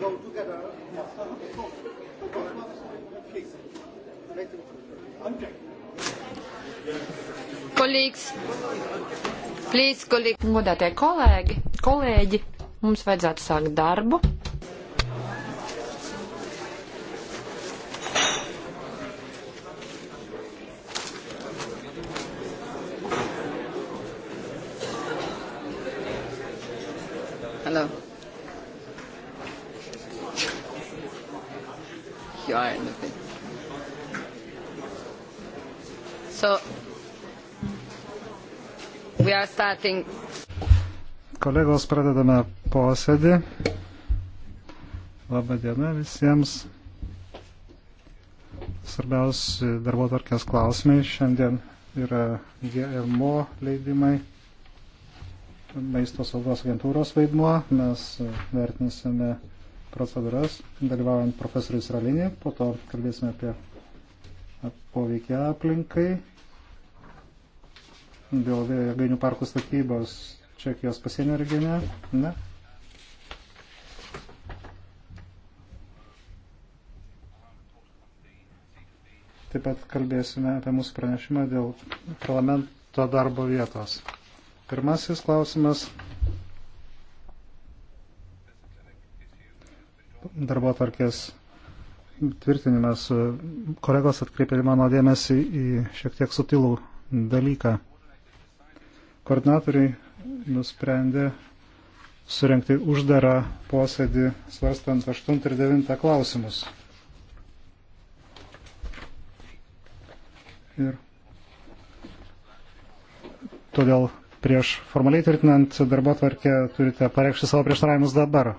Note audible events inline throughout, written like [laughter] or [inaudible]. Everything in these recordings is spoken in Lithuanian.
go together. Okay. Kolīgs. Please, kolīgs. Godātie kolēģi, kolēģi, mums vajadzētu sākt darbu. Starting... Kolegos, pradedame posėdį. Labą dieną visiems. Svarbiausi darbo tvarkės klausimai šiandien yra GMO leidimai, maisto saugos agentūros vaidmuo. Mes vertinsime procedūras, dalyvaujant profesoriui Sralinį, po to kalbėsime apie poveikį aplinkai dėl vėjo jėgainių parkų statybos Čekijos pasienio regione. Ne? Taip pat kalbėsime apie mūsų pranešimą dėl parlamento darbo vietos. Pirmasis klausimas. Darbo tvarkės tvirtinimas. Kolegos atkreipė mano dėmesį į šiek tiek sutilų dalyką. Koordinatoriai nusprendė surenkti uždarą posėdį svarstant 8 ir 9 klausimus. Ir todėl prieš formaliai tvirtinant darbo tvarkę turite pareikšti savo prieštaravimus dabar.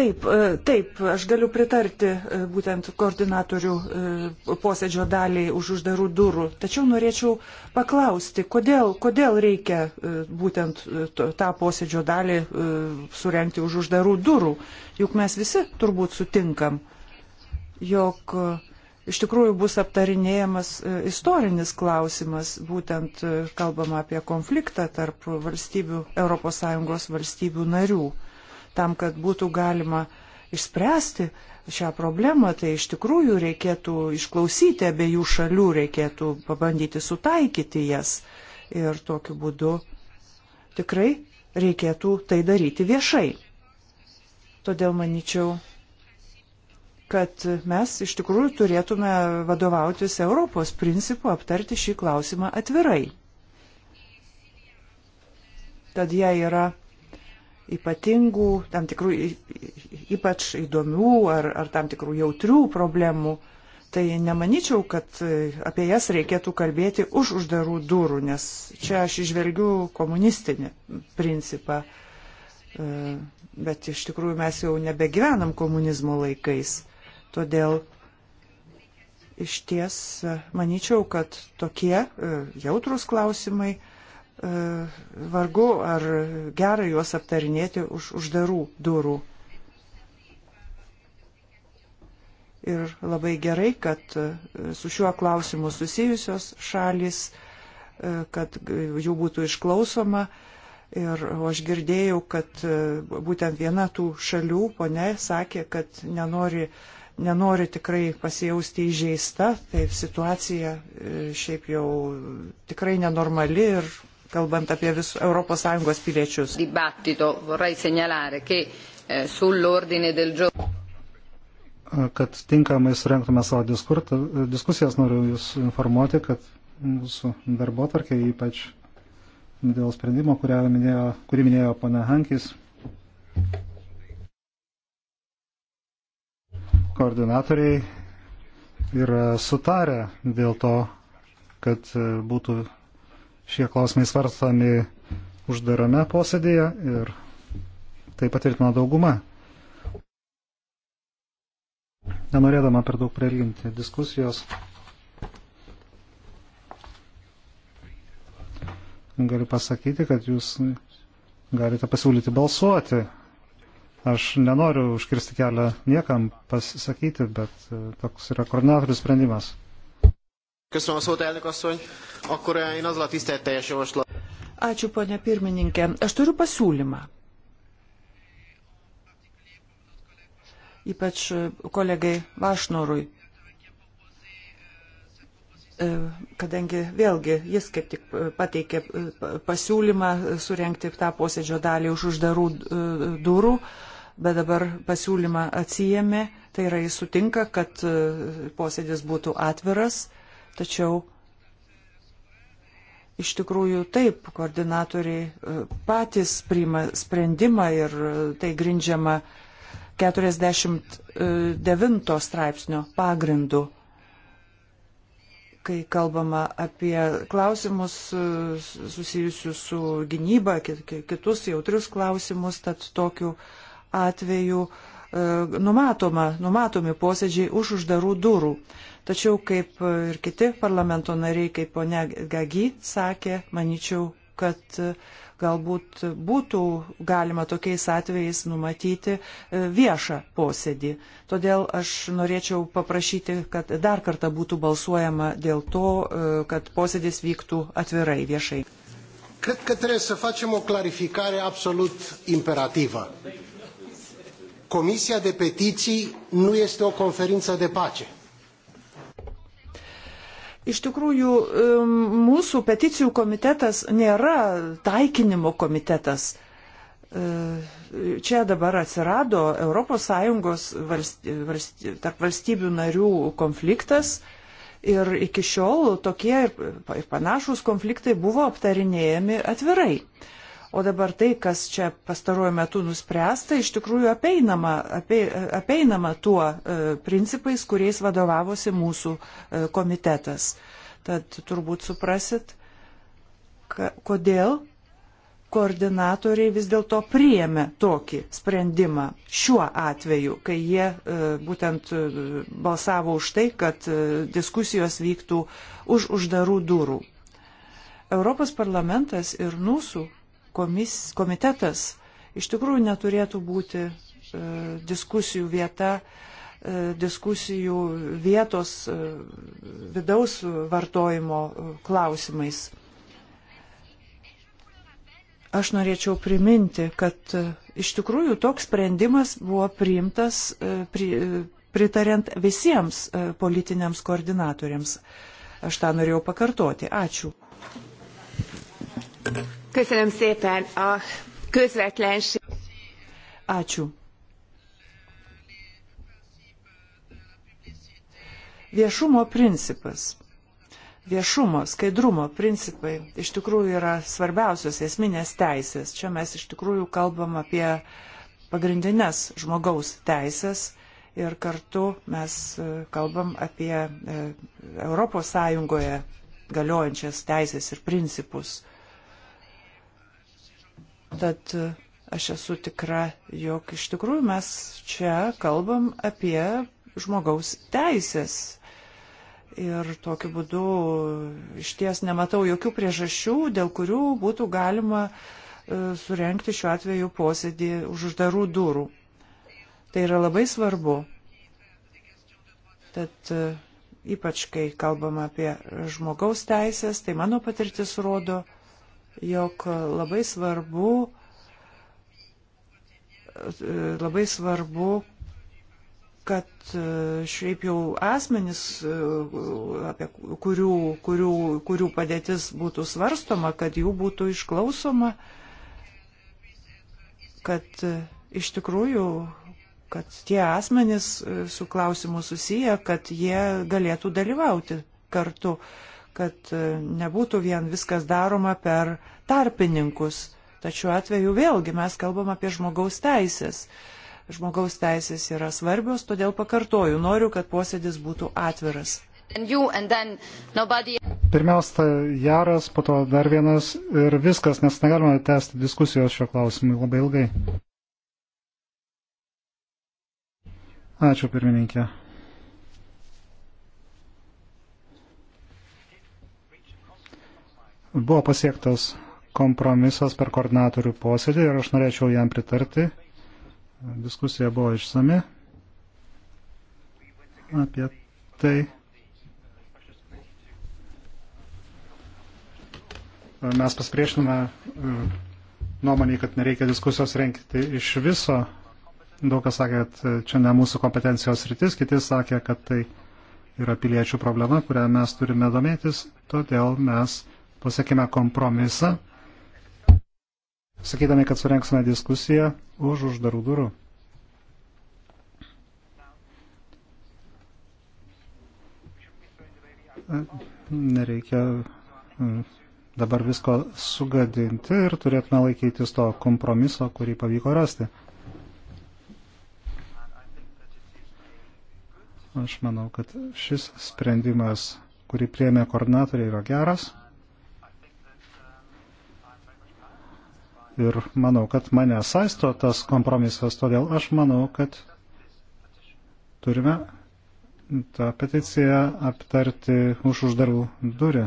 Taip, e, taip, aš galiu pritarti e, būtent koordinatorių e, posėdžio daliai už uždarų durų, tačiau norėčiau paklausti, kodėl, kodėl reikia būtent tą posėdžio dalį surenkti už uždarų durų, juk mes visi turbūt sutinkam, jog iš tikrųjų bus aptarinėjamas istorinis klausimas, būtent kalbama apie konfliktą tarp valstybių, ES valstybių narių tam, kad būtų galima išspręsti šią problemą, tai iš tikrųjų reikėtų išklausyti abiejų šalių, reikėtų pabandyti sutaikyti jas. Ir tokiu būdu tikrai reikėtų tai daryti viešai. Todėl manyčiau, kad mes iš tikrųjų turėtume vadovautis Europos principu aptarti šį klausimą atvirai. Tad jei yra ypatingų, tam tikrų ypač įdomių ar, ar tam tikrų jautrių problemų, tai nemanyčiau, kad e, apie jas reikėtų kalbėti už uždarų durų, nes čia aš išvelgiu komunistinį principą. E, bet iš tikrųjų mes jau nebegyvenam komunizmo laikais. Todėl iš ties e, manyčiau, kad tokie jautrus klausimai vargu ar gera juos aptarinėti už uždarų durų. Ir labai gerai, kad e, su šiuo klausimu susijusios šalis, e, kad jų būtų išklausoma. Ir aš girdėjau, kad e, būtent viena tų šalių ponė sakė, kad nenori, nenori tikrai pasijausti įžeista, tai situacija šiaip jau tikrai nenormali ir kalbant apie vis, ES piliečius. Eh, kad tinkamai surenktume savo diskurtą, e, diskusijas, noriu Jūs informuoti, kad mūsų darbo tarkė, ypač dėl sprendimo, minėjo, kurį minėjo pana Hankis, koordinatoriai yra sutarę dėl to, kad e, būtų Šie klausimai svarstami uždarame posėdėje ir tai patvirtino dauguma. Nenorėdama per daug prelginti diskusijos, galiu pasakyti, kad jūs galite pasiūlyti balsuoti. Aš nenoriu užkirsti kelią niekam pasisakyti, bet toks yra koordinatorių sprendimas. Köszönöm a szót, elnök asszony. Akkor eh, én azzal a tiszteletteljes javaslat. Ačiū, ponia pirmininkė. Aš turiu pasiūlymą. Ypač eh, kolegai Vašnorui. Eh, kadangi vėlgi jis kaip tik pateikė pasiūlymą surenkti tą posėdžio dalį už uždarų durų, bet dabar pasiūlymą atsijėmė, tai yra jis sutinka, kad posėdis būtų atviras Tačiau iš tikrųjų taip, koordinatoriai e, patys priima sprendimą ir e, tai grindžiama 49 straipsnio pagrindu, kai kalbama apie klausimus e, susijusius su gynyba, kitus jautrius klausimus, tad tokiu atveju numatoma, numatomi posėdžiai už uždarų durų. Tačiau, kaip ir kiti parlamento nariai, kaip ponia Gagi sakė, manyčiau, kad galbūt būtų galima tokiais atvejais numatyti e, viešą posėdį. Todėl aš norėčiau paprašyti, kad dar kartą būtų balsuojama dėl to, e, kad posėdis vyktų atvirai, viešai. Cred că trebuie să facem o clarificare absolut imperativă. Comisia de petiții nu este o conferință de pace Iš tikrųjų, mūsų peticijų komitetas nėra taikinimo komitetas. E, čia dabar atsirado ES valsty, valsty, tarp valstybių narių konfliktas ir iki šiol tokie ir panašus konfliktai buvo aptarinėjami atvirai. O dabar tai, kas čia pastaruoju metu nuspręsta, iš tikrųjų apeinama, ape, apeinama tuo e, principais, kuriais vadovavosi mūsų e, komitetas. Tad turbūt suprasit, ka, kodėl koordinatoriai vis dėlto priėmė tokį sprendimą šiuo atveju, kai jie e, būtent balsavo už tai, kad diskusijos vyktų už uždarų durų. Europos parlamentas ir mūsų komis, komitetas iš tikrųjų neturėtų būti e, diskusijų vieta, e, diskusijų vietos e, vidaus vartojimo e, klausimais. Aš norėčiau priminti, kad e, iš tikrųjų toks sprendimas buvo priimtas e, pri, pritariant visiems politiniams koordinatoriams. Aš tą norėjau pakartoti. Ačiū. Köszönöm szépen a közvetlenség. Ačiū. Viešumo principas. Viešumo, skaidrumo principai iš tikrųjų yra svarbiausios esminės teisės. Čia mes iš tikrųjų kalbam apie pagrindinės žmogaus teisės ir kartu mes e, kalbam apie ES galiojančias teisės ir principus. Tad e, aš esu tikra, jog iš tikrųjų mes čia kalbam apie žmogaus teisės. Ir tokiu būdu iš ties nematau jokių priežasčių, dėl kurių būtų galima e, surenkti šiuo atveju posėdį už uždarų durų. Tai yra labai svarbu. Tad e, ypač kai kalbam apie žmogaus teisės, tai mano patirtis rodo, jog labai svarbu, labai svarbu kad e, šiaip jau asmenys, e, apie kurių, kurių, kurių padėtis būtų svarstoma, kad jų būtų išklausoma, kad e, iš tikrųjų, kad tie asmenys su klausimu susiję, kad jie galėtų dalyvauti kartu. Uh, kad e, nebūtų vien viskas daroma per tarpininkus. Tačiau atveju vėlgi mes kalbam apie žmogaus teisės. Žmogaus teisės yra svarbios, todėl pakartoju, noriu, kad posėdis būtų atviras. And you, and nobody... Pirmiausia, Jaras, po to dar vienas ir viskas, nes negalime tęsti diskusijos šio klausimui labai ilgai. Ačiū pirmininkė. Buvo pasiektas kompromisas per koordinatorių posėdį ir aš norėčiau jam pritarti. Diskusija buvo išsami apie tai. Mes pasipriešiname nuomonį, kad nereikia diskusijos rengti iš viso. Daug kas sakė, kad e, čia ne mūsų kompetencijos rytis, kiti sakė, kad tai yra piliečių problema, kurią mes turime domėtis, todėl mes pasiekime kompromisą, sakydami, kad surenksime diskusiją už uždarų durų. Nereikia mm, dabar visko sugadinti ir turėtume laikytis to kompromiso, kurį pavyko rasti. Aš manau, kad šis sprendimas, kurį priemė koordinatoriai, yra geras. ir manau, kad mane saisto tas kompromisas, todėl aš manau, kad turime tą peticiją aptarti už uždarų durį,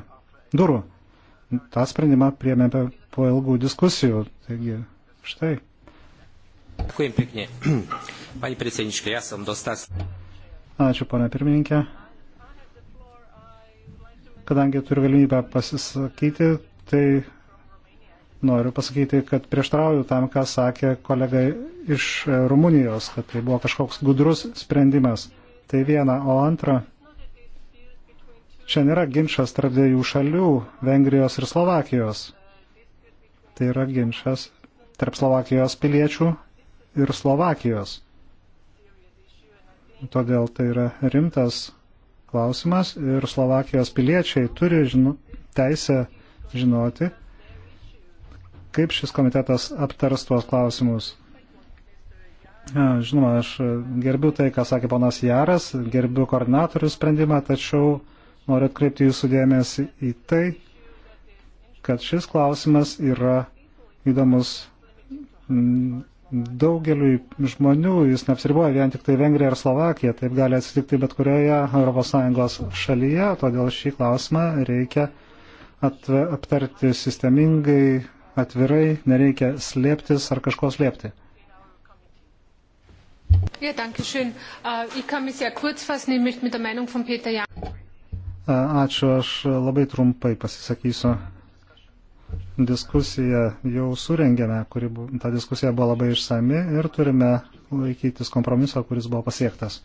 durų. Ta sprendimą priemė po ilgų diskusijų. Taigi, štai. Dėkui, pėknė. [clears throat] Pani prezidentiškai, esam dostas. Ačiū, pana pirmininkė. Kadangi turiu galimybę pasisakyti, tai noriu pasakyti, kad prieštrauju tam, ką sakė kolega iš e, Rumunijos, kad tai buvo kažkoks gudrus sprendimas. Tai viena, o antra, čia nėra ginčas tarp dviejų šalių - Vengrijos ir Slovakijos. Tai yra ginčas tarp Slovakijos piliečių ir Slovakijos. Todėl tai yra rimtas klausimas ir Slovakijos piliečiai turi žino, teisę žinoti, kaip šis komitetas aptars tuos klausimus. Ja, žinoma, aš gerbiu tai, ką sakė panas Jaras, gerbiu koordinatorių sprendimą, tačiau noriu atkreipti jūsų dėmesį į tai, kad šis klausimas yra įdomus daugeliui žmonių, jis neapsiriboja vien tik tai Vengrija ir Slovakija, taip gali atsitikti bet kurioje ES šalyje, todėl šį klausimą reikia aptarti sistemingai, atvirai, nereikia slėptis ar kažko slėpti. Ja, danke schön. Äh, ich kann mich sehr kurz fassen. Ich möchte mit der Meinung von Peter Jan. Äh, ačiū, aš labai trumpai pasisakysiu. Diskusiją jau surengėme, kuri, ta diskusija buvo labai išsami ir turime laikytis kompromiso, kuris buvo pasiektas.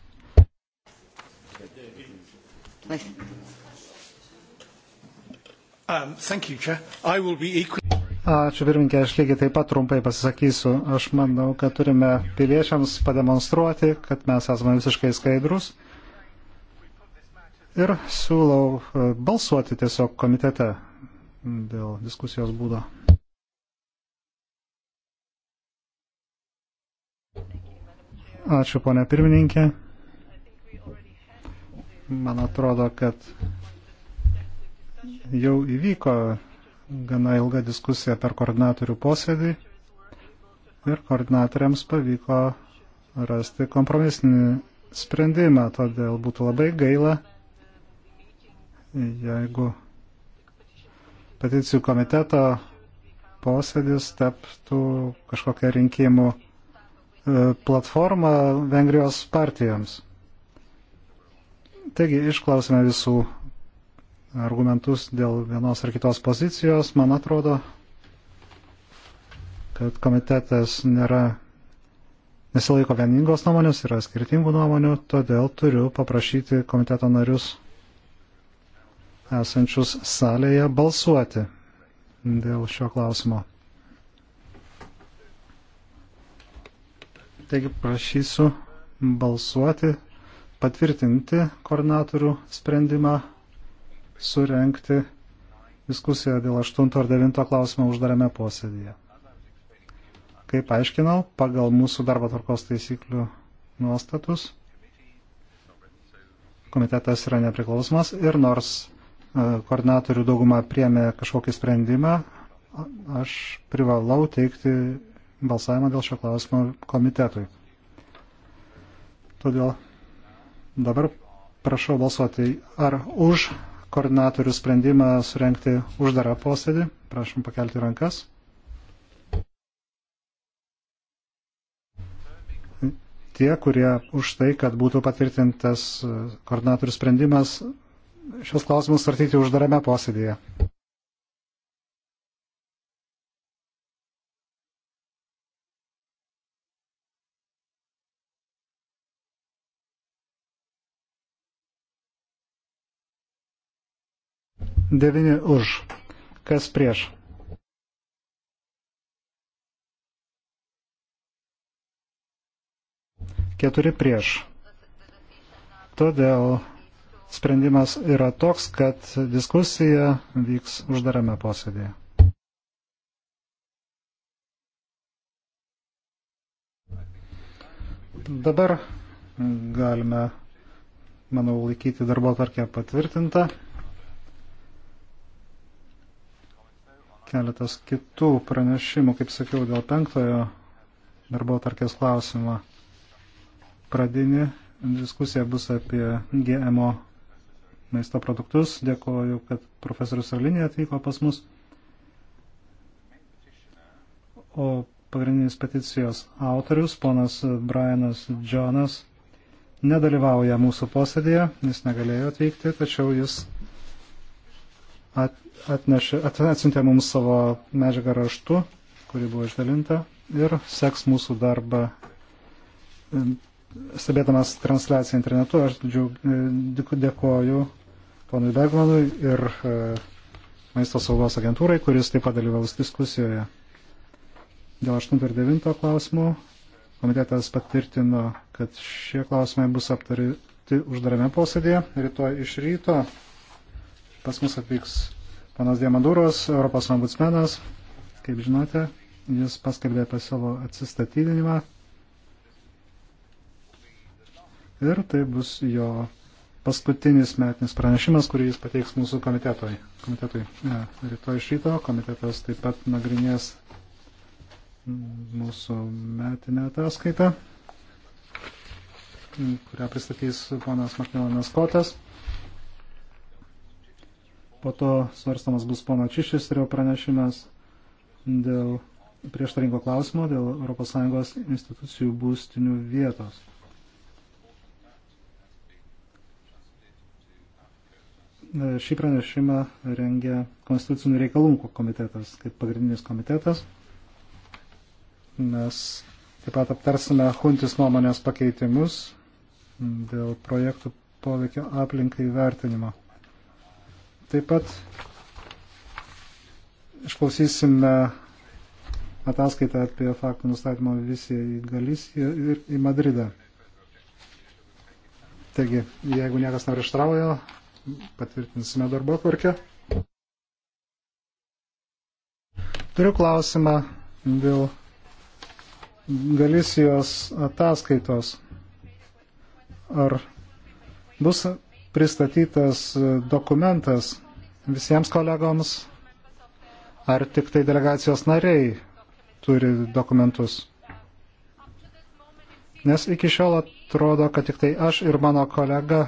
Um, you, equal... Ačiū pirminkė, aš lygiai taip pat trumpai pasisakysiu. Aš manau, kad turime piliečiams pademonstruoti, kad mes esame visiškai skaidrus. Ir siūlau e, balsuoti tiesiog komitete dėl diskusijos būdo. Ačiū, ponė pirmininkė. Man atrodo, kad jau įvyko gana ilgą diskusiją per koordinatorių posėdį ir koordinatoriams pavyko rasti kompromisinį sprendimą, todėl būtų labai gaila, jeigu peticijų komiteto posėdis taptų kažkokią rinkimų e, platformą Vengrijos partijoms. Taigi išklausime visų argumentus dėl vienos ar kitos pozicijos. Man atrodo, kad komitetas nėra nesilaiko vieningos nuomonės, yra skirtingų nuomonių, todėl turiu paprašyti komiteto narius esančius salėje balsuoti dėl šio klausimo. Taigi prašysiu balsuoti, patvirtinti koordinatorių sprendimą surenkti diskusiją dėl 8 ar 9 klausimo uždarame posėdėje. Kaip aiškinau, pagal mūsų darbo tvarkos taisyklių nuostatus komitetas yra nepriklausomas ir nors e, koordinatorių dauguma priemė kažkokį sprendimą, aš privalau teikti balsavimą dėl šio klausimo komitetui. Todėl dabar prašau balsuoti ar už koordinatorių sprendimą surenkti uždarą posėdį. Prašom pakelti rankas. Tie, kurie už tai, kad būtų patvirtintas koordinatorių sprendimas, šios klausimus svartyti uždarame posėdėje. 9 už. Kas prieš? Keturi prieš. Todėl sprendimas yra toks, kad diskusija vyks uždarame posėdėje. Dabar galime, manau, laikyti darbo tvarkę patvirtintą. keletas kitų pranešimų, kaip sakiau, dėl penktojo darbo tarkės klausimo. Pradinė diskusija bus apie GMO maisto produktus. Dėkoju, kad profesorius Arlinė atvyko pas mus. O pagrindinis peticijos autorius, ponas Brianas Džonas, nedalyvauja mūsų posėdėje, jis negalėjo atvykti, tačiau jis atnešė, atsintė mums savo medžiagą raštu, kuri buvo išdalinta ir seks mūsų darbą. Stebėdamas transliaciją internetu, aš džiug, e, dėkoju ponui Begmanui ir e, maisto saugos agentūrai, kuris taip pat dalyvaus diskusijoje. Dėl 8 ir 9 klausimų komitetas patvirtino, kad šie klausimai bus aptarti uždarame posėdėje rytoj iš ryto. Pas mus atvyks panas Diamandūros, Europos ombudsmenas. Kaip žinote, jis paskelbė apie savo atsistatydinimą. Ir tai bus jo paskutinis metinis pranešimas, kurį jis pateiks mūsų komitetui. komitetui. Ja, e, rytoj iš ryto komitetas taip pat nagrinės mūsų metinę ataskaitą, kurią pristatys ponas Maknilanas Kotas. Po to svarstamas bus pono Čišis ir jo pranešimas dėl prieštaringo klausimo dėl ES institucijų būstinių vietos. Šį pranešimą rengia Konstitucinių reikalų komitetas kaip pagrindinis komitetas. Mes taip pat aptarsime Huntis nuomonės pakeitimus dėl projektų poveikio aplinkai vertinimo. Taip pat išklausysime ataskaitą apie faktų nustatymo visiją į Galis ir į Madridą. Taigi, jeigu niekas neprieštrauja, patvirtinsime darbo tvarkę. Turiu klausimą dėl Galisijos ataskaitos. Ar bus pristatytas dokumentas visiems kolegoms, ar tik tai delegacijos nariai turi dokumentus? Nes iki šiol atrodo, kad tik tai aš ir mano kolega,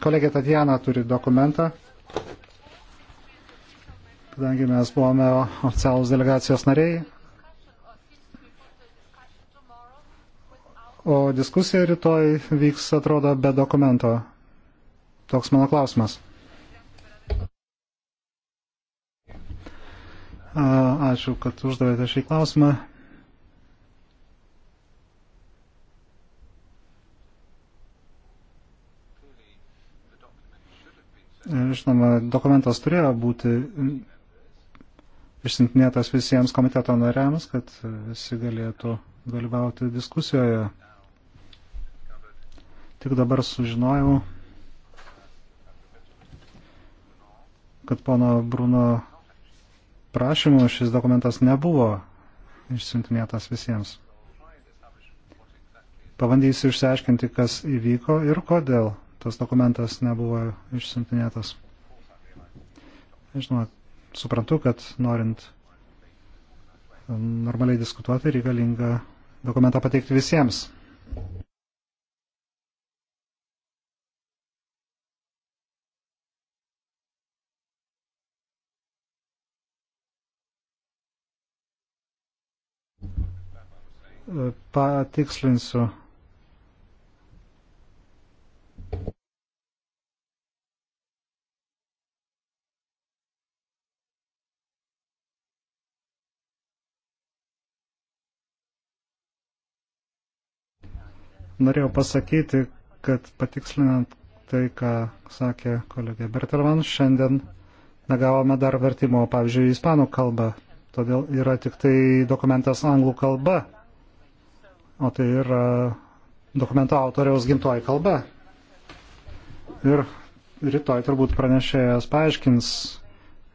kolegė Tatjana turi dokumentą, kadangi mes buvome oficialūs delegacijos nariai. O diskusija rytoj vyks, atrodo, be dokumento. Toks mano klausimas. Ačiū, kad uždavėte šį klausimą. Žinoma, dokumentas turėjo būti išsintinėtas visiems komiteto nariams, kad visi galėtų dalyvauti diskusijoje. Tik dabar sužinojau, kad pono Bruno prašymu šis dokumentas nebuvo išsintinėtas visiems. Pabandysiu išsiaiškinti, kas įvyko ir kodėl tas dokumentas nebuvo išsintinėtas. Žinoma, suprantu, kad norint normaliai diskutuoti reikalinga dokumentą pateikti visiems. patikslinsiu. Norėjau pasakyti, kad patikslinant tai, ką sakė kolegė Bertelman, šiandien negavome dar vertimo, pavyzdžiui, ispanų kalbą, todėl yra tik tai dokumentas anglų kalba o tai yra dokumento autoriaus gimtoji kalba. Ir rytoj turbūt pranešėjas paaiškins,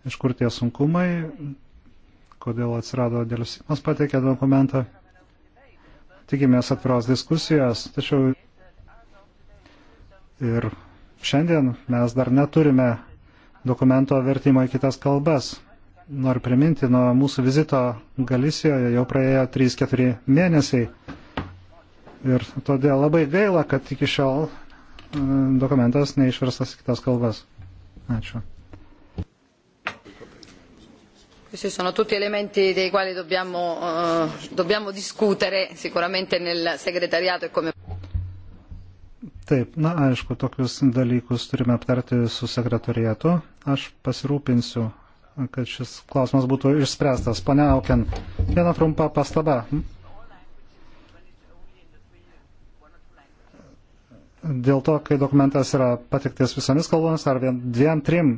iš kur tie sunkumai, kodėl atsirado dėlsimas pateikė dokumentą. Tikimės atviros diskusijos, tačiau ir šiandien mes dar neturime dokumento vertimo į kitas kalbas. Noriu priminti, nuo mūsų vizito Galisijoje jau praėjo 3-4 mėnesiai Ir todėl labai gaila, kad iki šiol e, dokumentas neišverstas į kitas kalbas. Ačiū. Questi sono tutti elementi dei quali dobbiamo, uh, dobbiamo discutere sicuramente nel segretariato e come. Taip, na aišku, tokius dalykus turime aptarti su sekretorietu. Aš pasirūpinsiu, kad šis klausimas būtų išspręstas. Pane Auken, viena trumpa pastaba. dėl to, kai dokumentas yra patiktas visomis kalbomis ar vien dviem, trim.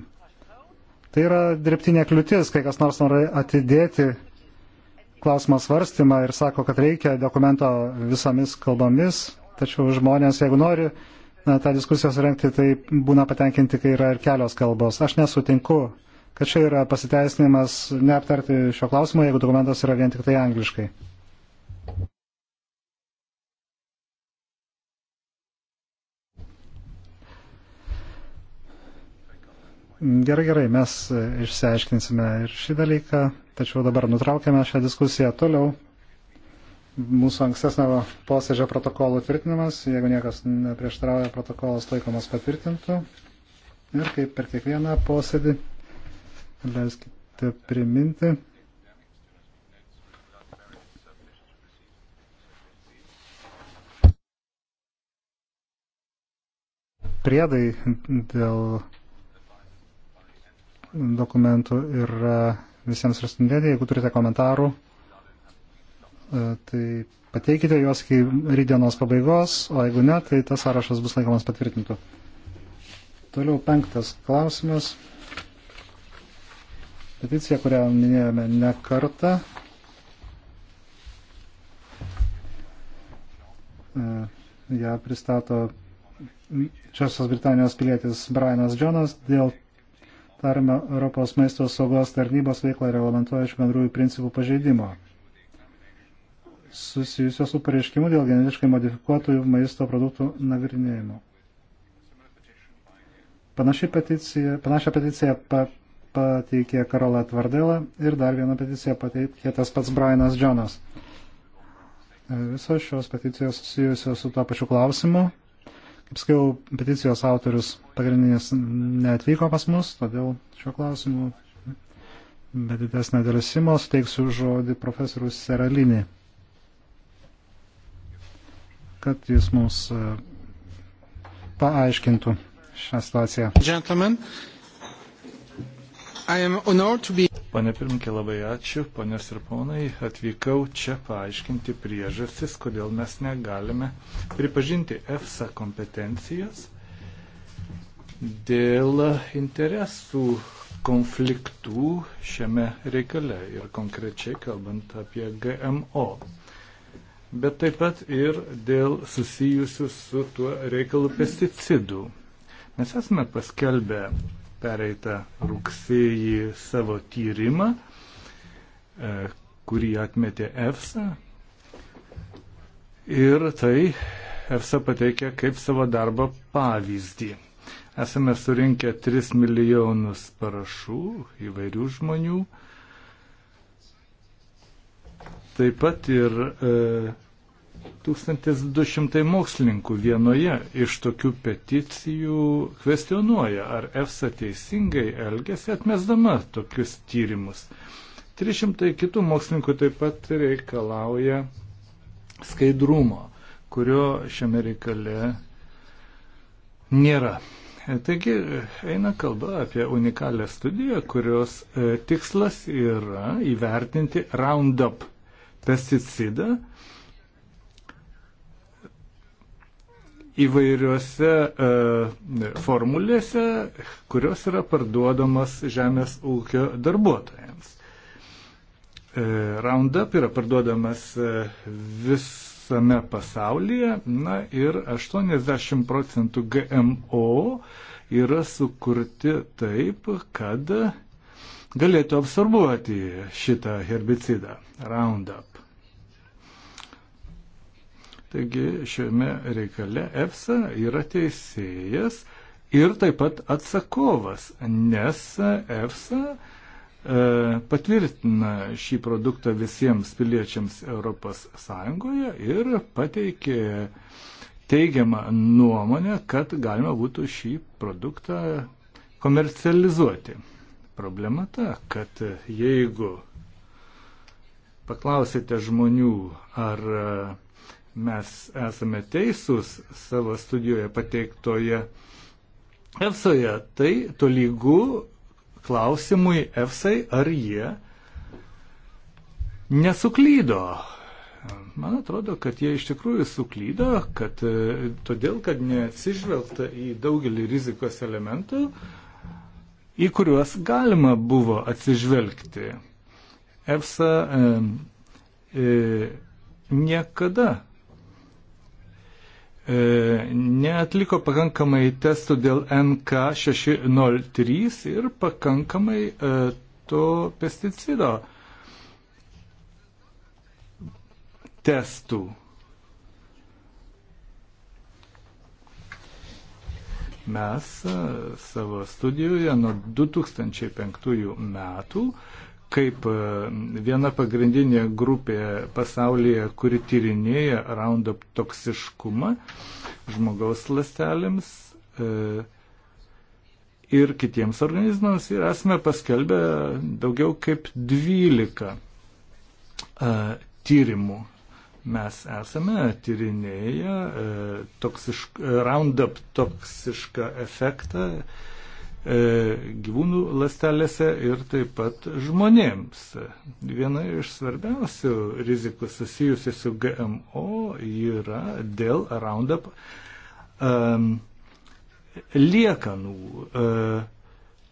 Tai yra dirbtinė kliūtis, kai kas nors nori atidėti klausimo svarstymą ir sako, kad reikia dokumento visomis kalbomis, tačiau žmonės, jeigu nori na, tą diskusiją surenkti, tai būna patenkinti, kai yra ir kelios kalbos. Aš nesutinku, kad čia yra pasiteisinimas neaptarti šio klausimo, jeigu dokumentas yra vien tik tai angliškai. Gerai, gerai, mes e, išsiaiškinsime ir šį dalyką, tačiau dabar nutraukėme šią diskusiją toliau. Mūsų ankstesnio posėdžio protokolų tvirtinimas, jeigu niekas neprieštarauja, protokolas laikomas patvirtintų. Ir kaip per kiekvieną posėdį, leiskite priminti, priedai dėl dokumentų yra e, visiems respondentai. Jeigu turite komentarų, e, tai pateikite juos iki rydienos pabaigos, o jeigu ne, tai tas sąrašas bus laikomas patvirtintų. Toliau penktas klausimas. Peticija, kurią minėjome ne kartą. E, ją pristato Čiosios Britanijos pilietis Brianas Džonas dėl tariamą Europos maisto saugos tarnybos veiklą reglamentuojančių bendrųjų principų pažeidimo susijusio su pareiškimu dėl genetiškai modifikuotų maisto produktų nagrinėjimo. Peticija, panašią peticiją pa, pateikė Karola Tvardela ir dar vieną peticiją pateikė tas pats Brianas Jonas. Visos šios peticijos susijusios su tuo pačiu klausimu Kaip sakiau, peticijos autorius pagrindinis neatvyko pas mus, todėl šiuo klausimu be didesnė dėlsimo suteiksiu žodį profesorius Seralinį, kad jis mums e, paaiškintų šią situaciją. Gentlemen, Be... Pane pirmininkė, labai ačiū, ponės ir ponai, atvykau čia paaiškinti priežastis, kodėl mes negalime pripažinti EFSA kompetencijas dėl interesų konfliktų šiame reikale ir konkrečiai kalbant apie GMO, bet taip pat ir dėl susijusių su tuo reikalu pesticidų. Mes esame paskelbę pereitą rugsėjį savo tyrimą, e, kurį atmetė EFSA. Ir tai EFSA pateikė kaip savo darbo pavyzdį. Esame surinkę 3 milijonus parašų įvairių žmonių. Taip pat ir e, 1200 mokslininkų vienoje iš tokių peticijų kvestionuoja, ar EFSA teisingai elgėsi atmesdama tokius tyrimus. 300 kitų mokslininkų taip pat reikalauja skaidrumo, kurio šiame reikale nėra. Taigi eina kalba apie unikalią studiją, kurios e, tikslas yra įvertinti Roundup pesticidą, įvairiuose e, formulėse, kurios yra parduodamas žemės ūkio darbuotojams. E, Roundup yra parduodamas e, visame pasaulyje na, ir 80 procentų GMO yra sukurti taip, kad galėtų absorbuoti šitą herbicidą Roundup. Taigi šiame reikale EFSA yra teisėjas ir taip pat atsakovas, nes EFSA e, patvirtina šį produktą visiems piliečiams ES ir pateikė teigiamą nuomonę, kad galima būtų šį produktą komercializuoti. Problema ta, kad jeigu paklausite žmonių, ar Mes esame teisūs savo studijoje pateiktoje EFSOje. Tai tolygu klausimui EFSAI, ar jie nesuklydo. Man atrodo, kad jie iš tikrųjų suklydo, kad e, todėl, kad neatsižvelgta į daugelį rizikos elementų, į kuriuos galima buvo atsižvelgti. EFSA e, e, niekada E, neatliko pakankamai testų dėl NK603 ir pakankamai e, to pesticido testų. Mes e, savo studijoje nuo 2005 metų kaip e, viena pagrindinė grupė pasaulyje, kuri tyrinėja raundop toksiškumą žmogaus lastelėms e, ir kitiems organizmams ir esame paskelbę daugiau kaip 12 e, tyrimų. Mes esame tyrinėję toksišk, Roundup toksišką efektą E, gyvūnų lastelėse ir taip pat žmonėms. Viena iš svarbiausių rizikų susijusi su GMO yra dėl Roundup um, liekanų uh,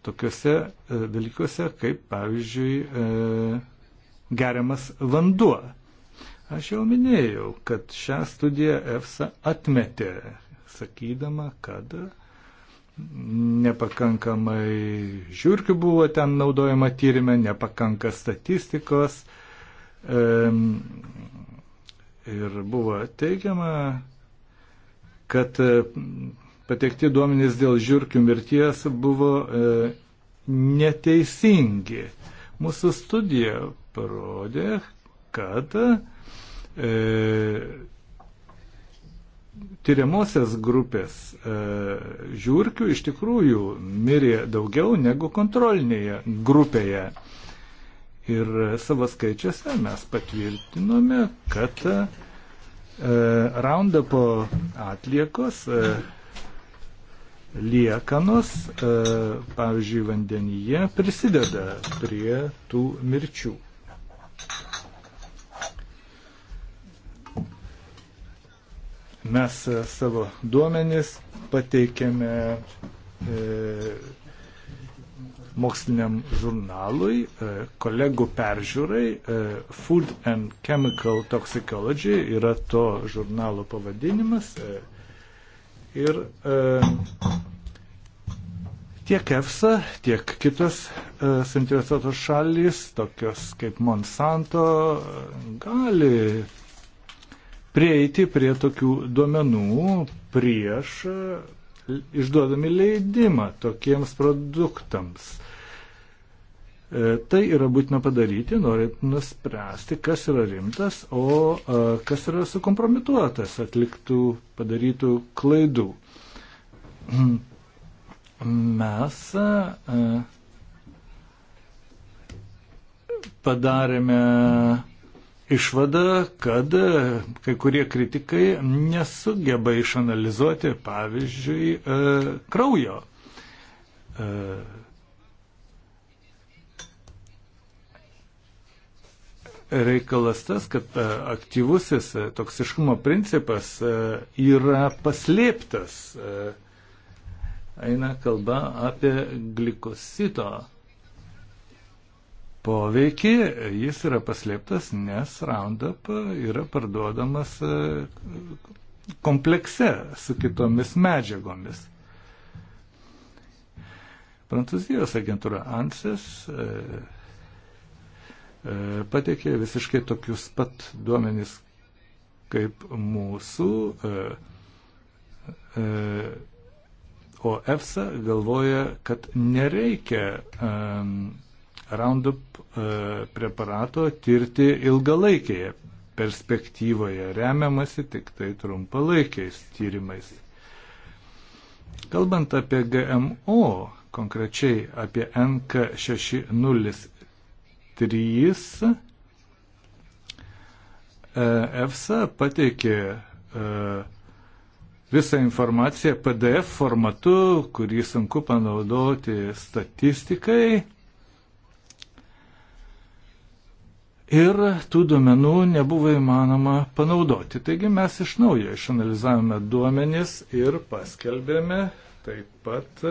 tokiuose uh, dalykuose, kaip pavyzdžiui uh, geriamas vanduo. Aš jau minėjau, kad šią studiją EFSA atmetė, sakydama, kad uh, nepakankamai žiūrkių buvo ten naudojama tyrimė, nepakanka statistikos. Ir buvo teigiama, kad e, pateikti duomenys dėl žiūrkių mirties buvo e, neteisingi. Mūsų studija parodė, kad e, tyriamosios grupės e, žiūrkių iš tikrųjų mirė daugiau negu kontrolinėje grupėje. Ir savo skaičiuose mes patvirtinome, kad e, raundapo atliekos e, liekanos, e, pavyzdžiui, vandenyje prisideda prie tų mirčių. Mes e, savo duomenis pateikėme e, moksliniam žurnalui, e, kolegų peržiūrai. E, Food and Chemical Toxicology yra to žurnalo pavadinimas. E, ir e, tiek EFSA, tiek kitos e, suinteresuotos šalys, tokios kaip Monsanto, e, gali prieiti prie tokių duomenų prieš e, išduodami leidimą tokiems produktams. E, tai yra būtina padaryti, norint nuspręsti, kas yra rimtas, o e, kas yra sukompromituotas atliktų padarytų klaidų. [clears throat] Mes padarėme išvada, kad kai kurie kritikai nesugeba išanalizuoti, pavyzdžiui, e, kraujo. E, reikalas tas, kad e, aktyvusis e, toksiškumo principas e, yra paslėptas. Eina kalba apie glikosito poveikį, jis yra paslėptas, nes Roundup yra parduodamas e, komplekse su kitomis medžiagomis. Prancūzijos agentūra ANSES e, e, pateikė visiškai tokius pat duomenys kaip mūsų, o EFSA galvoja, kad nereikia Roundup e, preparato tirti ilgalaikėje perspektyvoje, remiamasi tik tai trumpalaikiais tyrimais. Kalbant apie GMO, konkrečiai apie NK603, e, EFSA pateikė e, visą informaciją PDF formatu, kurį sunku panaudoti statistikai ir tų duomenų nebuvo įmanoma panaudoti. Taigi mes iš naujo išanalizavome duomenis ir paskelbėme taip pat,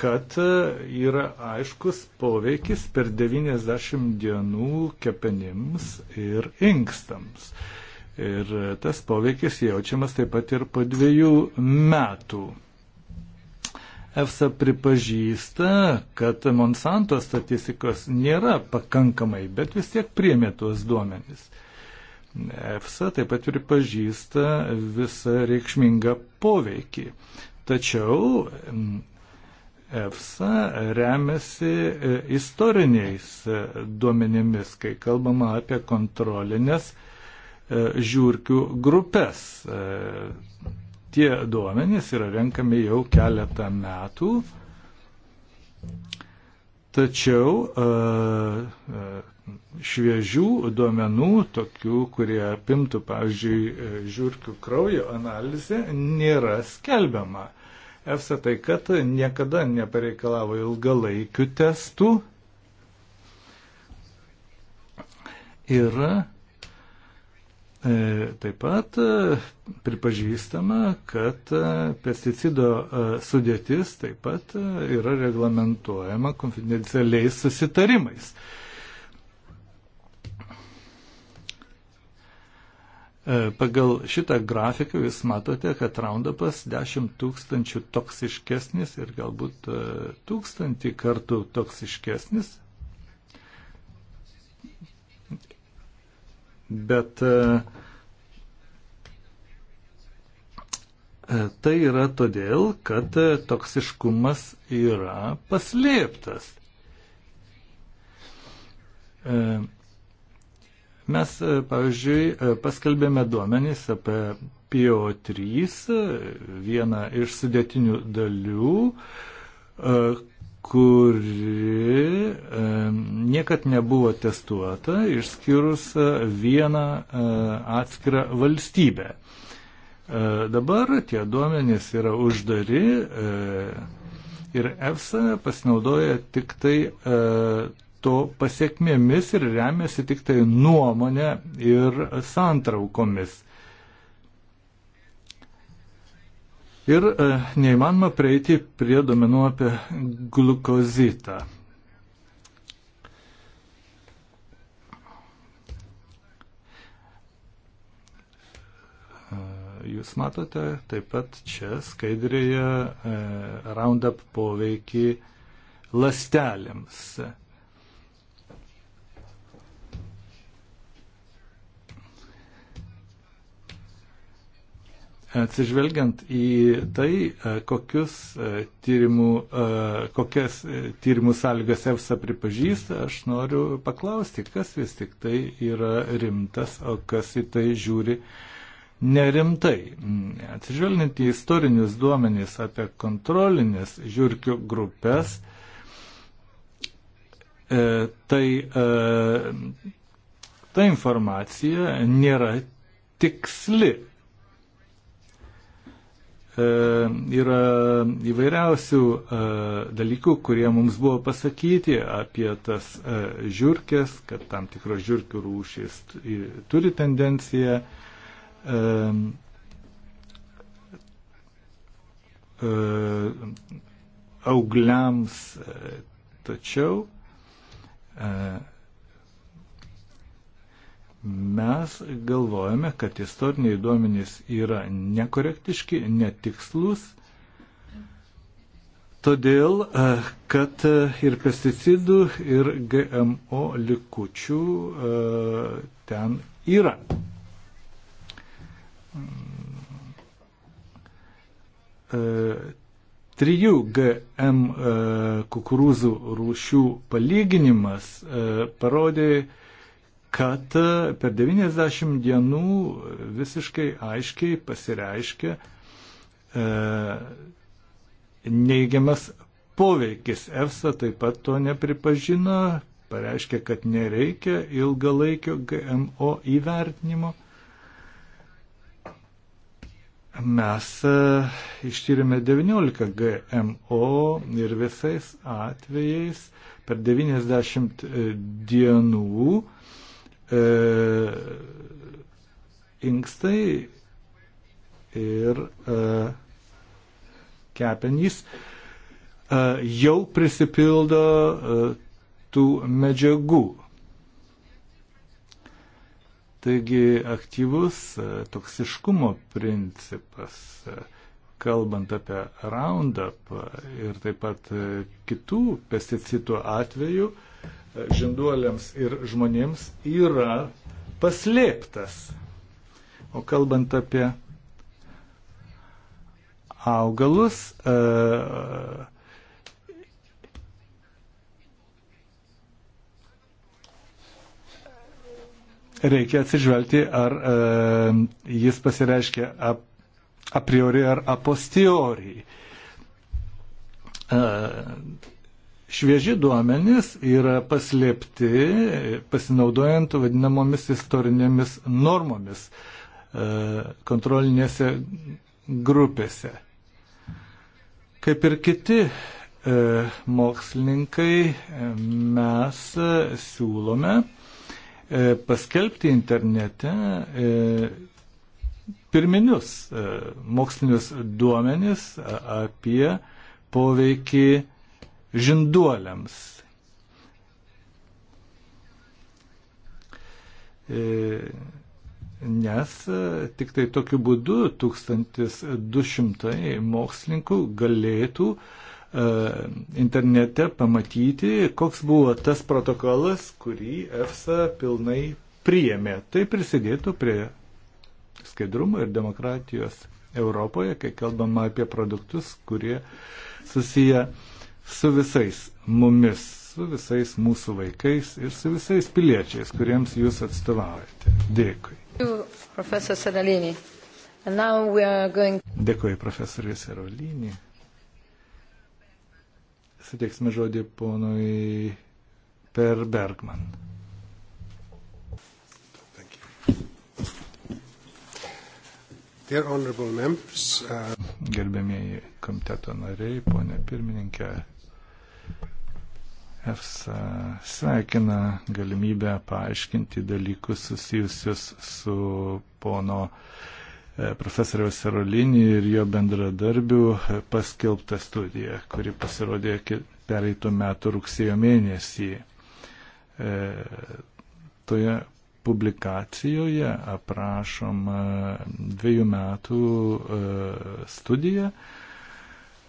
kad yra aiškus poveikis per 90 dienų kepenims ir inkstams. Ir tas poveikis jaučiamas taip pat ir po dviejų metų. EFSA pripažįsta, kad Monsanto statistikos nėra pakankamai, bet vis tiek priemė tuos duomenys. EFSA taip pat pripažįsta visą reikšmingą poveikį. Tačiau mm, EFSA remiasi e, istoriniais e, duomenėmis, kai kalbama apie kontrolinės e, žiūrkių grupės. Tie duomenys yra renkami jau keletą metų, tačiau e, e, šviežių duomenų, tokių, kurie apimtų, pavyzdžiui, e, žiūrkių kraujo analizė, nėra skelbiama. EFSA tai, kad niekada nepareikalavo ilgalaikių testų, yra E, taip pat e, pripažįstama, kad e, pesticido sudėtis taip pat yra reglamentuojama konfidencialiais susitarimais. Pagal šitą grafiką jūs matote, kad raundapas 10 tūkstančių toksiškesnis ir galbūt tūkstantį kartų toksiškesnis bet e, e, tai yra todėl, kad e, toksiškumas yra paslėptas. Mes, pavyzdžiui, paskelbėme duomenys apie PO3, vieną iš sudėtinių dalių, kuri e, niekad nebuvo testuota, išskyrus e, vieną e, atskirą valstybę. E, dabar tie duomenys yra uždari e, ir EFSA pasinaudoja tik tai e, to pasiekmėmis ir remiasi tik tai nuomonę ir santraukomis. ir e, neįmanoma prieiti prie domenų apie glukozitą. E, jūs matote taip pat čia skaidrėje e, Roundup poveikį lastelėms. atsižvelgiant į tai, e, kokius e, tyrimų, e, kokias tyrimų sąlygas EFSA pripažįsta, aš noriu paklausti, kas vis tik tai yra rimtas, o kas į tai žiūri nerimtai. Atsižvelgiant į istorinius duomenys apie kontrolinės žiūrkių grupės, tai ta informacija nėra tiksli E, yra įvairiausių e, dalykų, kurie mums buvo pasakyti apie tas e, žiūrkės, kad tam tikros žiūrkių rūšys turi tendenciją augliams. Tačiau Mes galvojame, kad istoriniai duomenys yra nekorektiški, netikslus, todėl, e, kad e, ir pesticidų, ir GMO likučių e, ten yra. Trijų GM kukurūzų rūšių palyginimas parodė, kad e, per 90 dienų visiškai aiškiai pasireiškia e, neigiamas poveikis. EFSA taip pat to nepripažino, pareiškia, kad nereikia ilgalaikio GMO įvertinimo. Mes e, ištyrėme 19 GMO ir visais atvejais per 90 e, dienų e, e, inkstai ir e, kepenys e, jau prisipildo e, tų medžiagų. Taigi aktyvus e, toksiškumo principas. E, kalbant apie Roundup e, ir taip pat e, kitų pesticidų atveju, e, žinduoliams ir žmonėms yra paslėptas. O kalbant apie augalus, e, reikia atsižvelgti, ar e, jis pasireiškia a priori ar a posteriori. E, Švieži duomenys yra paslėpti pasinaudojant vadinamomis istorinėmis normomis e, kontrolinėse grupėse. Kaip ir kiti e, mokslininkai, e, mes siūlome paskelbti internete pirminius mokslinius duomenis apie poveikį žinduoliams. E, nes e, tik tai tokiu būdu 1200 mokslininkų galėtų e, internete pamatyti, koks buvo tas protokolas, kurį EFSA pilnai priėmė. Tai prisidėtų prie skaidrumo ir demokratijos Europoje, kai kalbama apie produktus, kurie susiję uh, su visais mumis, su visais mūsų vaikais ir su visais piliečiais, kuriems jūs atstovaujate. Dėkui. Dėkui, profesoriui Serolinį. Suteiksime žodį ponui Per Bergman. Uh, Gerbėmieji komiteto nariai, ponė pirmininkė, EFSA sveikina galimybę paaiškinti dalykus susijusius su pono e, profesoriaus Serolinį ir jo bendradarbių e, paskelbtą studiją, kuri pasirodė pereitų metų rugsėjo mėnesį. E, toje publikacijoje aprašoma dviejų metų e, studija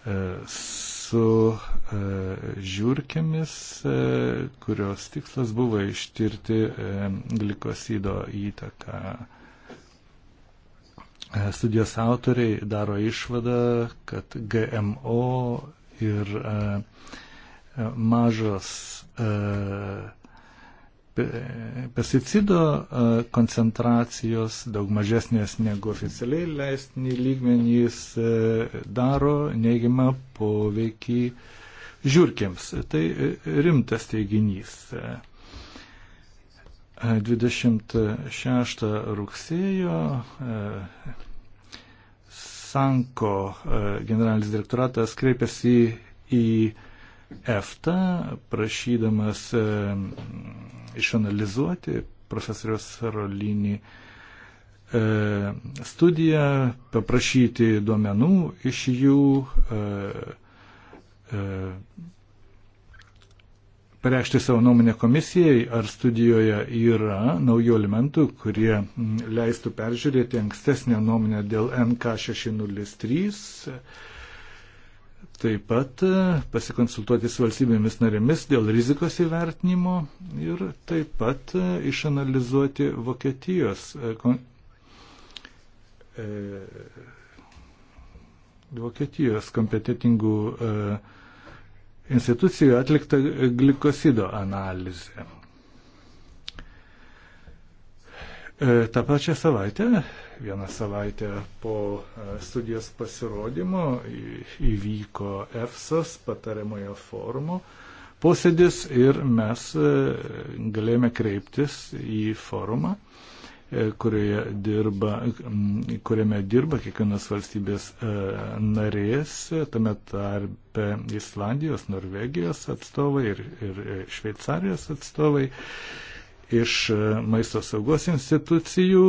e, su e, žiūrkėmis, e, kurios tikslas buvo ištirti e, glikosido įtaką. Studijos autoriai daro išvadą, kad GMO ir mažos uh, pesticido e, koncentracijos daug mažesnės negu oficialiai leistini lygmenys e, daro neigiamą poveikį žiūrkėms. Tai e, rimtas teiginys. 26 rugsėjo Sanko generalinis direktoratas kreipėsi į EFTA, prašydamas išanalizuoti profesorius Rolinį e, studiją, paprašyti duomenų iš jų, e, e, pareikšti savo nuomonę komisijai, ar studijoje yra naujų elementų, kurie leistų peržiūrėti ankstesnę nuomonę dėl NK603 taip pat e, pasikonsultuoti su valstybėmis narėmis dėl rizikos įvertinimo ir taip pat e, išanalizuoti Vokietijos, e, Vokietijos kompetitingų institucijų atliktą glikosido analizę. Ta pačia savaitė vieną savaitę po e, studijos pasirodymo įvyko EFSAS patariamojo forumo posėdis ir mes e, galėjome kreiptis į forumą, e, dirba, kuriame dirba kiekvienas valstybės narės, tame tarpe Islandijos, Norvegijos atstovai ir, ir Šveicarijos atstovai iš e, maisto saugos institucijų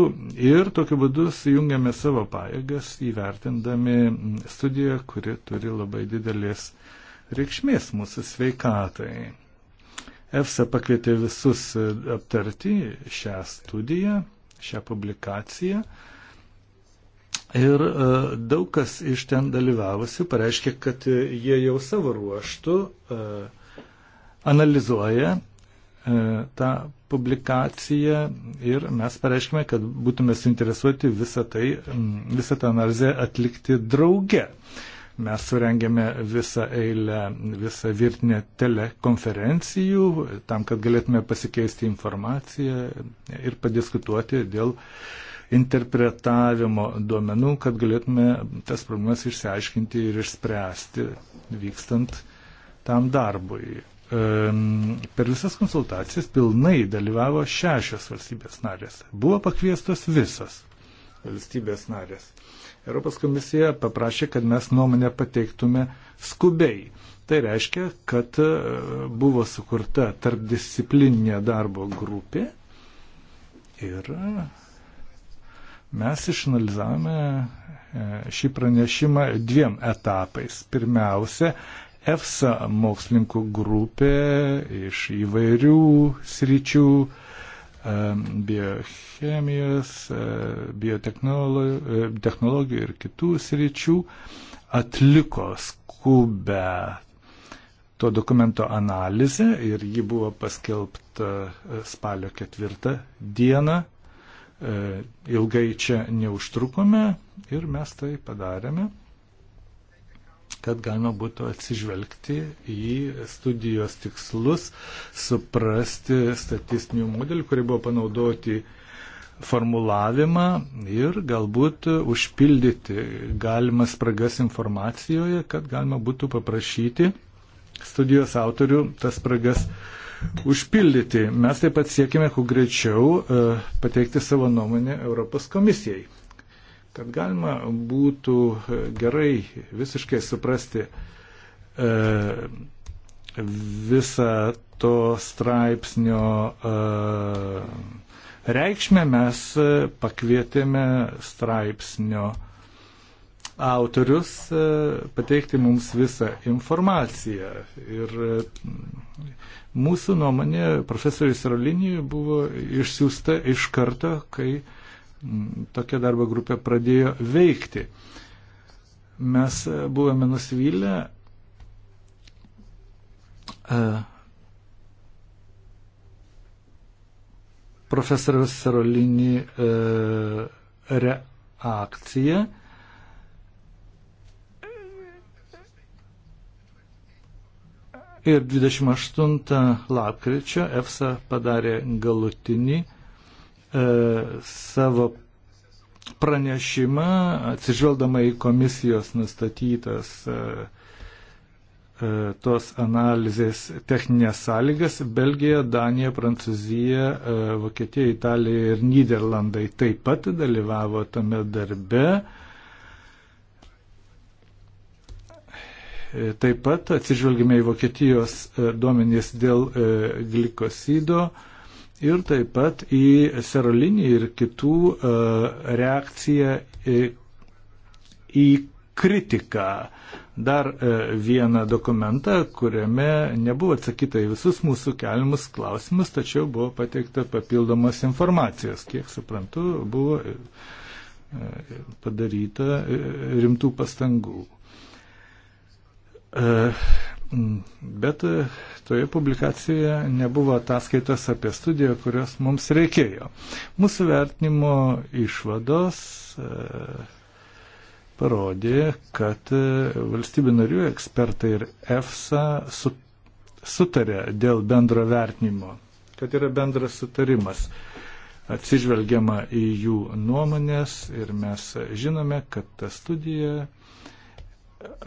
ir tokiu būdu sujungiame savo pajėgas įvertindami studiją, kuri turi labai didelės reikšmės mūsų sveikatai. EFSA pakvietė visus e, aptarti šią studiją, šią publikaciją. Ir e, daug kas iš ten dalyvavusių pareiškė, kad jie jau savo ruoštų analizuoja E, tą publikaciją ir mes pareiškime, kad būtume suinteresuoti visą tai, visą tą analizę atlikti drauge. Mes surengėme visą eilę, visą virtinę telekonferencijų tam, kad galėtume pasikeisti informaciją ir padiskutuoti dėl interpretavimo duomenų, kad galėtume tas problemas išsiaiškinti ir išspręsti vykstant tam darbui. Per visas konsultacijas pilnai dalyvavo šešios valstybės narės. Buvo pakviestos visos valstybės narės. Europos komisija paprašė, kad mes nuomonę pateiktume skubiai. Tai reiškia, kad e, buvo sukurta tarpdisciplininė darbo grupė ir mes išanalizavome e, šį pranešimą dviem etapais. Pirmiausia, EFSA mokslininkų grupė iš įvairių sričių biochemijos, e, biotechnologijų e, ir kitų sričių atliko skubę to dokumento analizę ir ji buvo paskelbta e, spalio ketvirtą dieną. Ilgai čia neužtrukome ir mes tai padarėme kad galima būtų atsižvelgti į studijos tikslus, suprasti statistinių modelių, kurie buvo panaudoti formulavimą ir galbūt užpildyti galimas spragas informacijoje, kad galima būtų paprašyti studijos autorių tas spragas užpildyti. Mes taip pat siekime, kuo greičiau e, pateikti savo nuomonę Europos komisijai kad galima būtų e, gerai visiškai suprasti e, visą to straipsnio e, reikšmę, mes e, pakvietėme straipsnio autorius e, pateikti mums visą informaciją. Ir e, mūsų nuomonė profesorius Rolinijui buvo išsiųsta iš karto, kai e, Mm, tokia darbo grupė pradėjo veikti. Mes e, buvome nusivylę e, profesoriaus Sarolinį e, reakciją. Ir 28 lapkričio EFSA padarė galutinį E, savo pranešimą, atsižvelgdama į komisijos nustatytas e, e, tos analizės techninės sąlygas, Belgija, Danija, Prancūzija, Vokietija, Italija ir Niderlandai taip pat dalyvavo tame darbe. Taip pat atsižvelgime į Vokietijos duomenys dėl glikosido, ir taip pat į serolinį ir kitų e, reakciją e, į kritiką. Dar e, vieną dokumentą, kuriame nebuvo atsakyta į visus mūsų keliamus klausimus, tačiau buvo pateikta papildomos informacijos. Kiek suprantu, buvo padaryta rimtų pastangų. Bet e, toje publikacijoje nebuvo ataskaitos apie studiją, kurios mums reikėjo. Mūsų vertinimo išvados e, parodė, kad e, valstybių narių ekspertai ir EFSA sutarė dėl bendro vertinimo, kad yra bendras sutarimas atsižvelgiama į jų nuomonės ir mes žinome, kad ta studija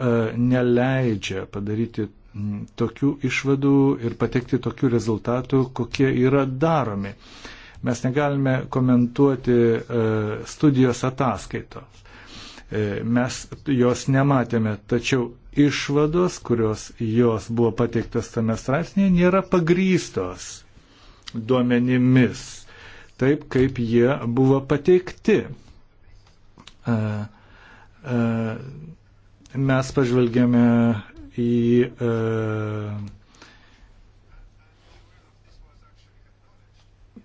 E, neleidžia padaryti tokių išvadų ir patekti tokių rezultatų, kokie yra daromi. Mes negalime komentuoti e, studijos ataskaitos. E, mes jos nematėme, tačiau išvados, kurios jos buvo pateiktas tame straipsnėje, nėra pagrystos duomenimis, taip kaip jie buvo pateikti. Uh, uh, mes pažvelgėme į e,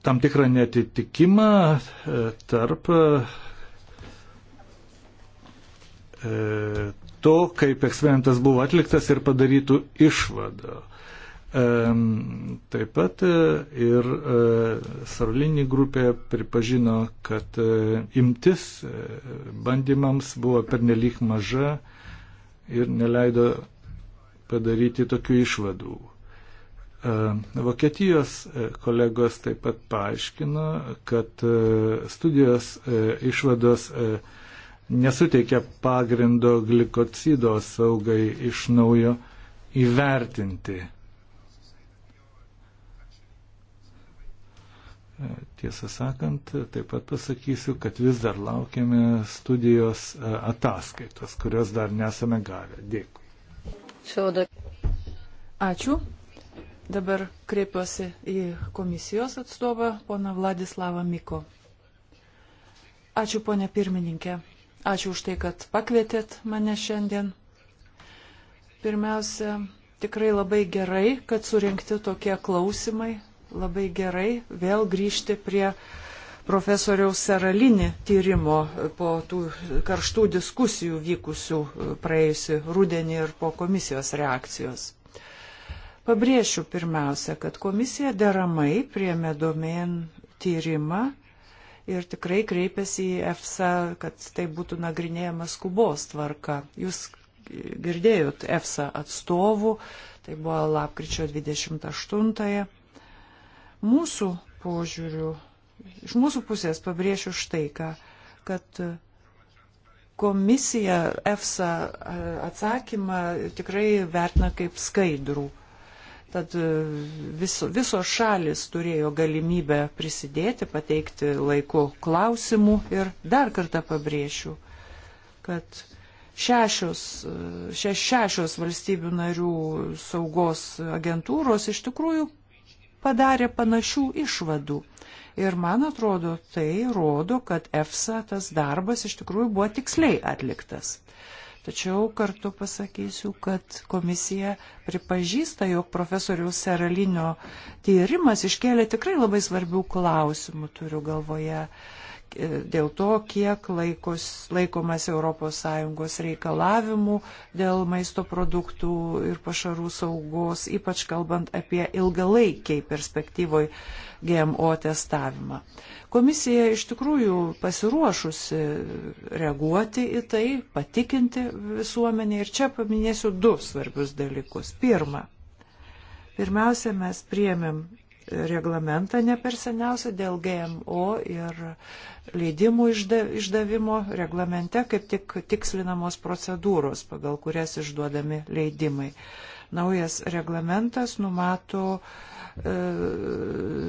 tam tikrą netitikimą e, tarp e, to, kaip eksperimentas buvo atliktas ir padarytų išvado. E, taip pat ir Sarlinį grupė pripažino, kad imtis bandymams buvo pernelyg maža ir neleido padaryti tokių išvadų. E, Vokietijos e, kolegos taip pat paaiškino, kad e, studijos išvados nesuteikia pagrindo glikocido saugai iš naujo įvertinti. Tiesą sakant, taip pat pasakysiu, kad vis dar laukiame studijos e, ataskaitos, kurios dar nesame gavę. Dėkui. Ačiū. Dabar kreipiuosi į komisijos atstovą, poną Vladislavą Miko. Ačiū, ponė pirmininkė. Ačiū už tai, kad pakvietėt mane šiandien. Pirmiausia, tikrai labai gerai, kad surinkti tokie klausimai labai gerai vėl grįžti prie profesoriaus Seralinį tyrimo po tų karštų diskusijų vykusių e, praėjusi rudenį ir po komisijos reakcijos. Pabrėšiu pirmiausia, kad komisija deramai priemė domėn tyrimą ir tikrai kreipėsi į EFSA, kad tai būtų nagrinėjama skubos tvarka. Jūs girdėjot EFSA atstovų, tai buvo lapkričio 28-ąją Mūsų požiūrių, iš mūsų pusės pabrėšiu štai ką, kad komisija EFSA atsakymą tikrai vertina kaip skaidrų. Tad e, viso, visos šalis turėjo galimybę prisidėti, pateikti laiku klausimų ir dar kartą pabrėšiu, kad šešios, šeš, šešios valstybių narių saugos agentūros iš tikrųjų padarė panašių išvadų. Ir man atrodo, tai rodo, kad EFSA tas darbas iš tikrųjų buvo tiksliai atliktas. Tačiau kartu pasakysiu, kad komisija pripažįsta, jog profesoriaus Seralinio tyrimas iškėlė tikrai labai svarbių klausimų, turiu galvoje uh, dėl to, kiek laikos, laikomas ES reikalavimų dėl maisto produktų ir pašarų saugos, ypač kalbant apie ilgalaikiai perspektyvoj GMO testavimą. Komisija iš tikrųjų pasiruošusi reaguoti į tai, patikinti visuomenį ir čia paminėsiu du svarbius dalykus. Pirma, pirmiausia, mes priemėm reglamentą ne per seniausią dėl GMO ir leidimų išdavimo reglamente, kaip tik tikslinamos procedūros, pagal kurias išduodami leidimai. Naujas reglamentas numato uh, E,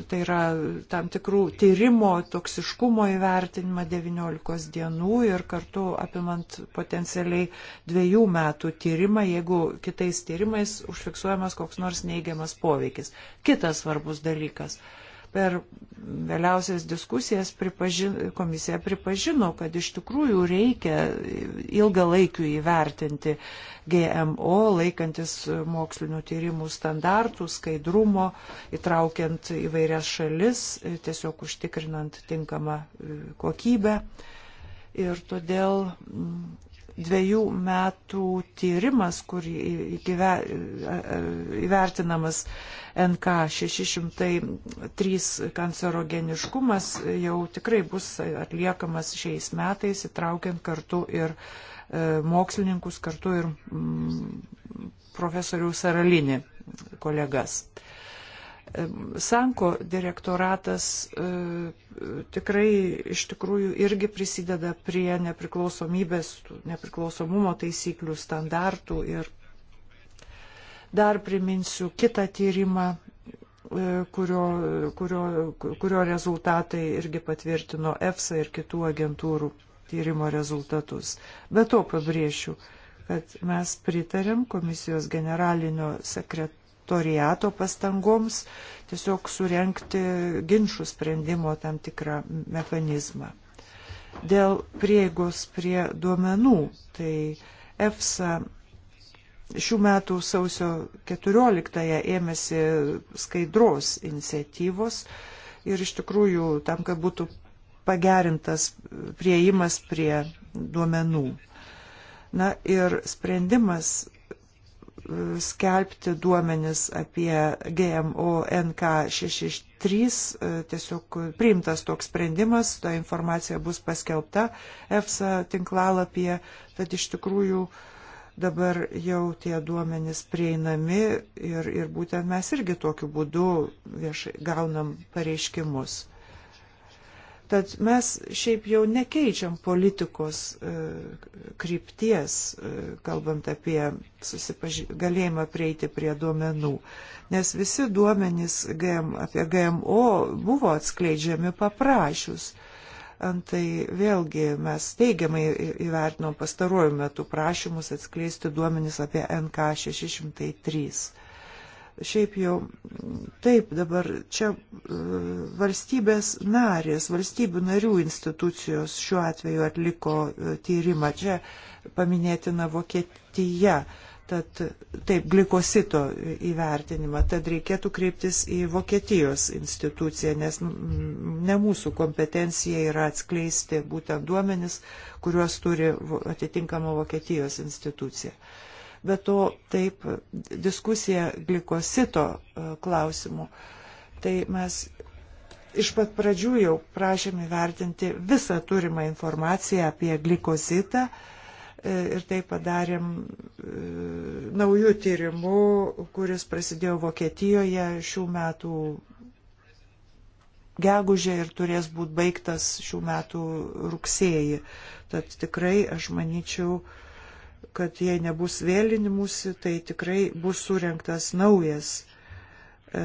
tai yra tam tikrų tyrimo toksiškumo įvertinimą 19 dienų ir kartu apimant potencialiai dviejų metų tyrimą, jeigu kitais tyrimais užfiksuojamas koks nors neigiamas poveikis. Kitas svarbus dalykas. Uh, per vėliausias diskusijas pripažino, komisija pripažino, kad iš tikrųjų reikia ilgalaikių įvertinti GMO, laikantis mokslinių tyrimų standartų, skaidrumo, įtraukiant įvairias šalis, tiesiog užtikrinant tinkamą kokybę. Ir todėl dviejų metų tyrimas, kur įvertinamas NK 603 kancerogeniškumas, jau tikrai bus atliekamas šiais metais, įtraukiant kartu ir e, mokslininkus, kartu ir mm, profesorių Saralinį kolegas. Sanko direktoratas e, tikrai iš tikrųjų irgi prisideda prie nepriklausomybės, nepriklausomumo taisyklių, standartų ir dar priminsiu kitą tyrimą, e, kurio, kurio, kurio rezultatai irgi patvirtino EFSA ir kitų agentūrų tyrimo rezultatus. Be to pabrėšiu, kad mes pritarėm komisijos generalinio sekretoriaus sekretoriato pastangoms tiesiog surenkti ginčių sprendimo tam tikrą mechanizmą. Dėl prieigos prie duomenų, tai EFSA šių metų sausio 14-ąją ėmėsi skaidros iniciatyvos ir iš tikrųjų tam, kad būtų pagerintas prieimas prie duomenų. Na ir sprendimas skelbti duomenis apie GMO NK663, tiesiog priimtas toks sprendimas, ta informacija bus paskelbta EFSA tinklalapyje, tad iš tikrųjų dabar jau tie duomenys prieinami ir, ir būtent mes irgi tokiu būdu viešai gaunam pareiškimus. Tad mes šiaip jau nekeičiam politikos e, krypties, e, kalbant apie susipaži... galėjimą prieiti prie duomenų, nes visi duomenys GM, apie GMO buvo atskleidžiami paprašius. Antai vėlgi mes teigiamai įvertinom pastaruoju metu prašymus atskleisti duomenys apie NK603 šiaip jau taip dabar čia e, valstybės narės, valstybių narių institucijos šiuo atveju atliko e, tyrimą. Čia paminėtina Vokietija. Tad taip, glikosito įvertinimą, tad reikėtų kreiptis į Vokietijos instituciją, nes ne mūsų kompetencija yra atskleisti būtent duomenis, kuriuos turi atitinkama Vokietijos institucija. Uh, bet to taip diskusija glikosito e, klausimu. Tai mes iš pat pradžių jau prašėme vertinti visą turimą informaciją apie glikozitą e, ir tai padarėm e, naujų tyrimų, kuris prasidėjo Vokietijoje šių metų gegužė ir turės būti baigtas šių metų rugsėjį. Tad tikrai aš manyčiau, kad jei nebus vėlinimusi, tai tikrai bus surinktas naujas, e,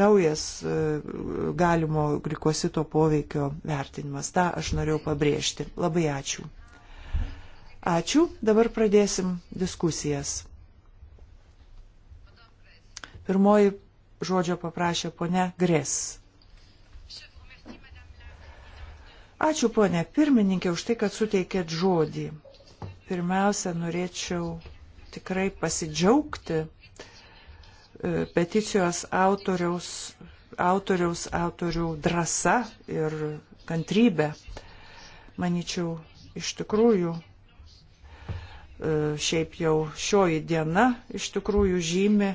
naujas e, galimo glikosito poveikio vertinimas. Ta aš norėjau pabrėžti. Labai ačiū. Ačiū. Dabar pradėsim diskusijas. Pirmoji žodžio paprašė ponia Grės. Ačiū ponė pirmininkė už tai, kad suteikėt žodį. Pirmiausia, norėčiau tikrai pasidžiaugti e, peticijos autoriaus, autoriaus autorių drąsa ir kantrybė. Maničiau, iš tikrųjų, e, šiaip jau šioji diena iš tikrųjų žymi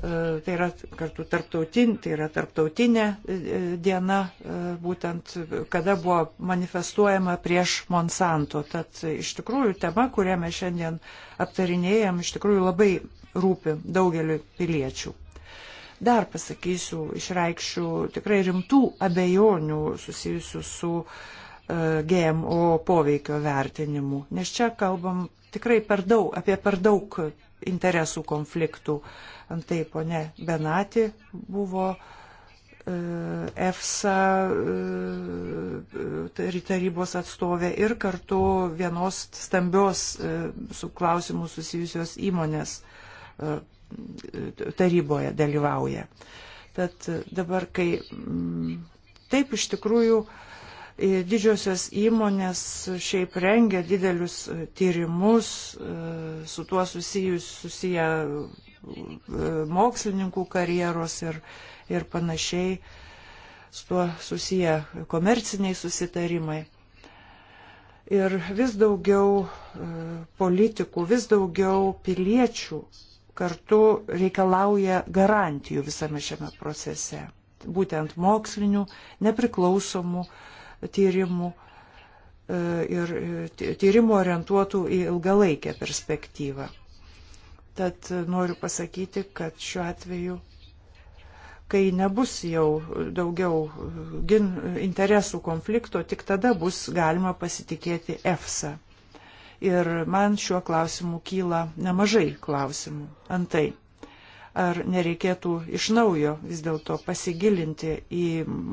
E, tai yra kartu tarptautin, tai yra tarptautinė e, diena, e, būtent kada buvo manifestuojama prieš Monsanto. Tad iš tikrųjų tema, kurią mes šiandien aptarinėjom, iš tikrųjų labai rūpi daugeliu piliečių. Dar pasakysiu, išreikščiau tikrai rimtų abejonių susijusių su GMO poveikio vertinimu, nes čia kalbam tikrai per daug, apie per daug interesų konfliktų. Antai ponė Benati buvo e, EFSA e, e, tarybos atstovė ir kartu vienos stambios su klausimu susijusios įmonės taryboje dalyvauja. Tad dabar, kai taip iš tikrųjų E, didžiosios įmonės šiaip rengia didelius e, tyrimus, e, su tuo susijus, susiję mokslininkų karjeros ir, ir panašiai, su tuo susiję komerciniai susitarimai ir vis daugiau politikų, vis daugiau piliečių kartu reikalauja garantijų visame šiame procese. Būtent mokslinių, nepriklausomų, tyrimų e, ir e, tyrimų orientuotų į ilgalaikę perspektyvą. Tad noriu pasakyti, kad šiuo atveju, kai nebus jau daugiau gin, interesų konflikto, tik tada bus galima pasitikėti EFSA. Ir man šiuo klausimu kyla nemažai klausimų. Antai ar nereikėtų iš naujo vis dėlto pasigilinti į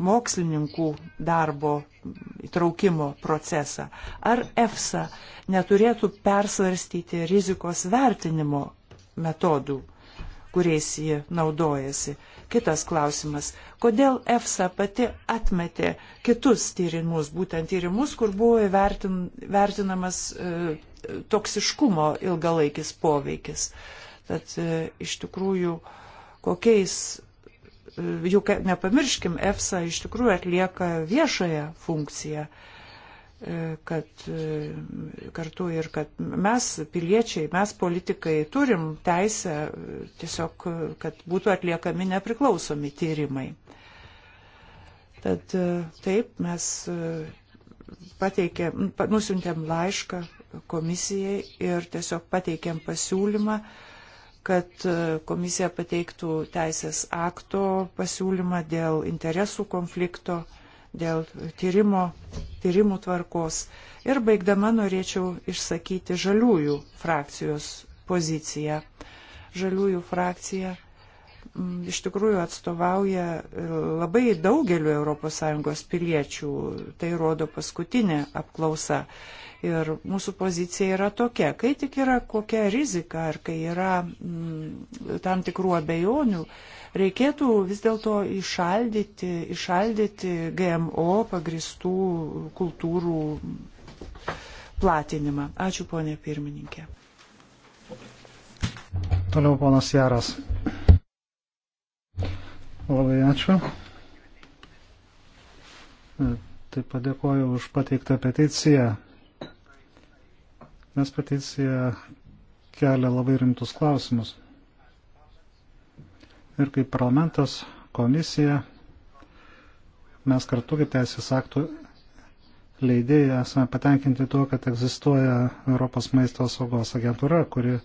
mokslininkų darbo įtraukimo procesą. Ar EFSA neturėtų persvarstyti rizikos vertinimo metodų, kuriais ji naudojasi. Kitas klausimas, kodėl EFSA pati atmetė kitus tyrimus, būtent tyrimus, kur buvo vertin, vertinamas e, toksiškumo ilgalaikis poveikis. E, Tad e, iš tikrųjų, kokiais, e, juk nepamirškim, EFSA iš tikrųjų atlieka viešąją funkciją e, kad kartu ir kad mes, piliečiai, mes politikai turim teisę tiesiog, kad būtų atliekami nepriklausomi tyrimai. Tad taip mes pateikėm, nusintėm laišką komisijai ir tiesiog pateikėm pasiūlymą, kad e, komisija pateiktų teisės akto pasiūlymą dėl interesų konflikto, dėl tyrimo, tyrimų tvarkos. Ir baigdama norėčiau išsakyti žaliųjų frakcijos poziciją. Žaliųjų frakcija Mm, iš tikrųjų atstovauja e, labai daugeliu ES piliečių, tai rodo paskutinė apklausa. Ir mūsų pozicija yra tokia, kai tik yra kokia rizika ar kai yra m, mm, tam tikrų abejonių, reikėtų vis dėlto išaldyti, išaldyti GMO pagristų kultūrų platinimą. Ačiū ponė pirmininkė. Toliau ponas Jaras. Labai ačiū. E, taip padėkoju už pateiktą peticiją, nes peticija kelia labai rimtus klausimus. Ir kaip parlamentas, komisija, mes kartu kaip teisės aktų leidėjai esame patenkinti tuo, kad egzistuoja Europos maisto saugos agentūra, kuri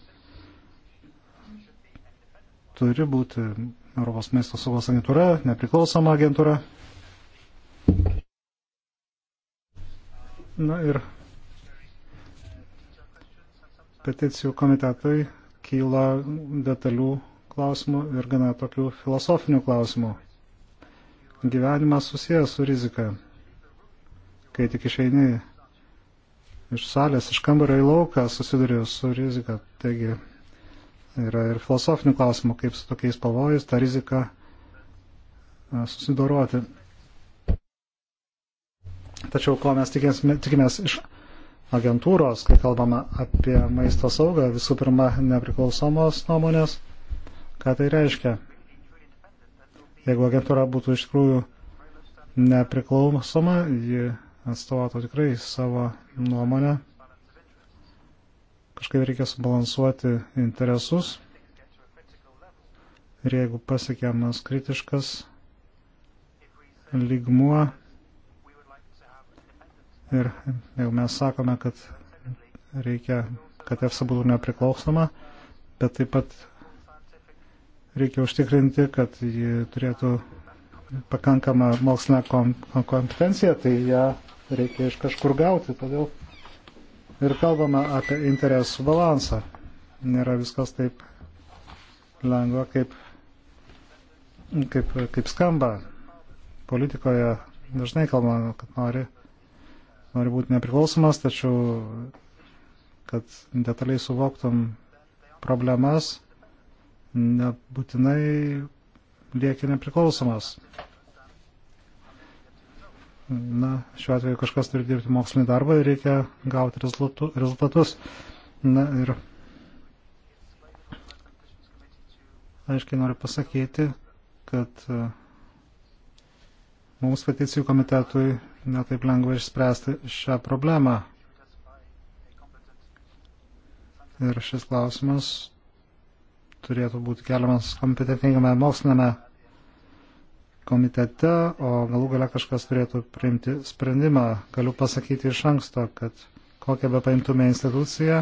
turi būti Europos maisto saugos agentūra, nepriklausoma agentūra. Na ir peticijų komitetui kyla detalių klausimų ir gana tokių filosofinių klausimų. Gyvenimas susijęs su rizika. Kai tik išeini iš salės, iš kambario į lauką, susiduriu su rizika. Taigi Yra ir filosofinių klausimų, kaip su tokiais pavojais, tą riziką e, susidoroti. Tačiau ko mes tikimės, tikimės iš agentūros, kai kalbame apie maisto saugą, visų pirma, nepriklausomos nuomonės, ką tai reiškia. Jeigu agentūra būtų iš tikrųjų nepriklausoma, ji atstovato tikrai savo nuomonę Kažkaip reikia subalansuoti interesus. Ir jeigu pasiekiamas kritiškas lygmuo ir jeigu mes sakome, kad reikia, kad EFSA būtų nepriklausoma, bet taip pat reikia užtikrinti, kad ji turėtų pakankamą mokslinę kompetenciją, tai ją reikia iš kažkur gauti. Todėl ir kalbame apie interesų balansą. Nėra viskas taip lengva, kaip, kaip, kaip skamba. Politikoje dažnai kalbama, kad nori, nori būti nepriklausomas, tačiau kad detaliai suvoktum problemas, nebūtinai lieki nepriklausomas. Na, šiuo atveju kažkas turi dirbti mokslinį darbą ir reikia gauti rezultatus. Na ir aiškiai noriu pasakyti, kad e, mums peticijų komitetui netaip lengva išspręsti šią problemą. Ir šis klausimas turėtų būti keliamas kompetentingame mokslinėme komitete, o galų gale kažkas turėtų priimti sprendimą. Galiu pasakyti iš anksto, kad kokią be paimtume instituciją,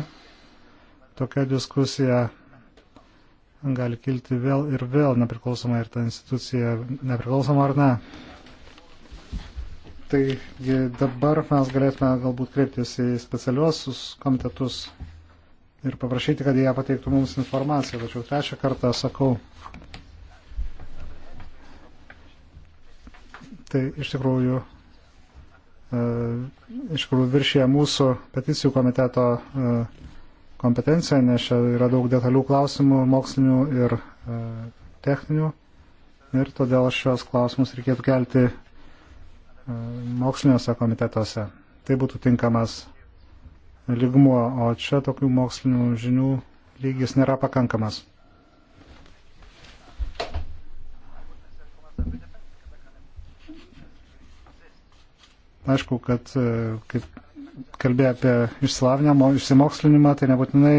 tokia diskusija gali kilti vėl ir vėl, nepriklausoma ir ta institucija, nepriklausoma ar ne. Tai dabar mes galėtume galbūt kreiptis į specialiuosius komitetus ir paprašyti, kad jie pateiktų mums informaciją. Tačiau trečią kartą sakau, tai iš tikrųjų, e, iš tikrųjų viršė mūsų peticijų komiteto e, kompetenciją, nes čia yra daug detalių klausimų, mokslinių ir e, techninių. Ir todėl šios klausimus reikėtų kelti moksliniuose komitetuose. Tai būtų tinkamas lygmuo, o čia tokių mokslinių žinių lygis nėra pakankamas. Aišku, kad e, kaip kalbė apie išslavinimą, išsimokslinimą, tai nebūtinai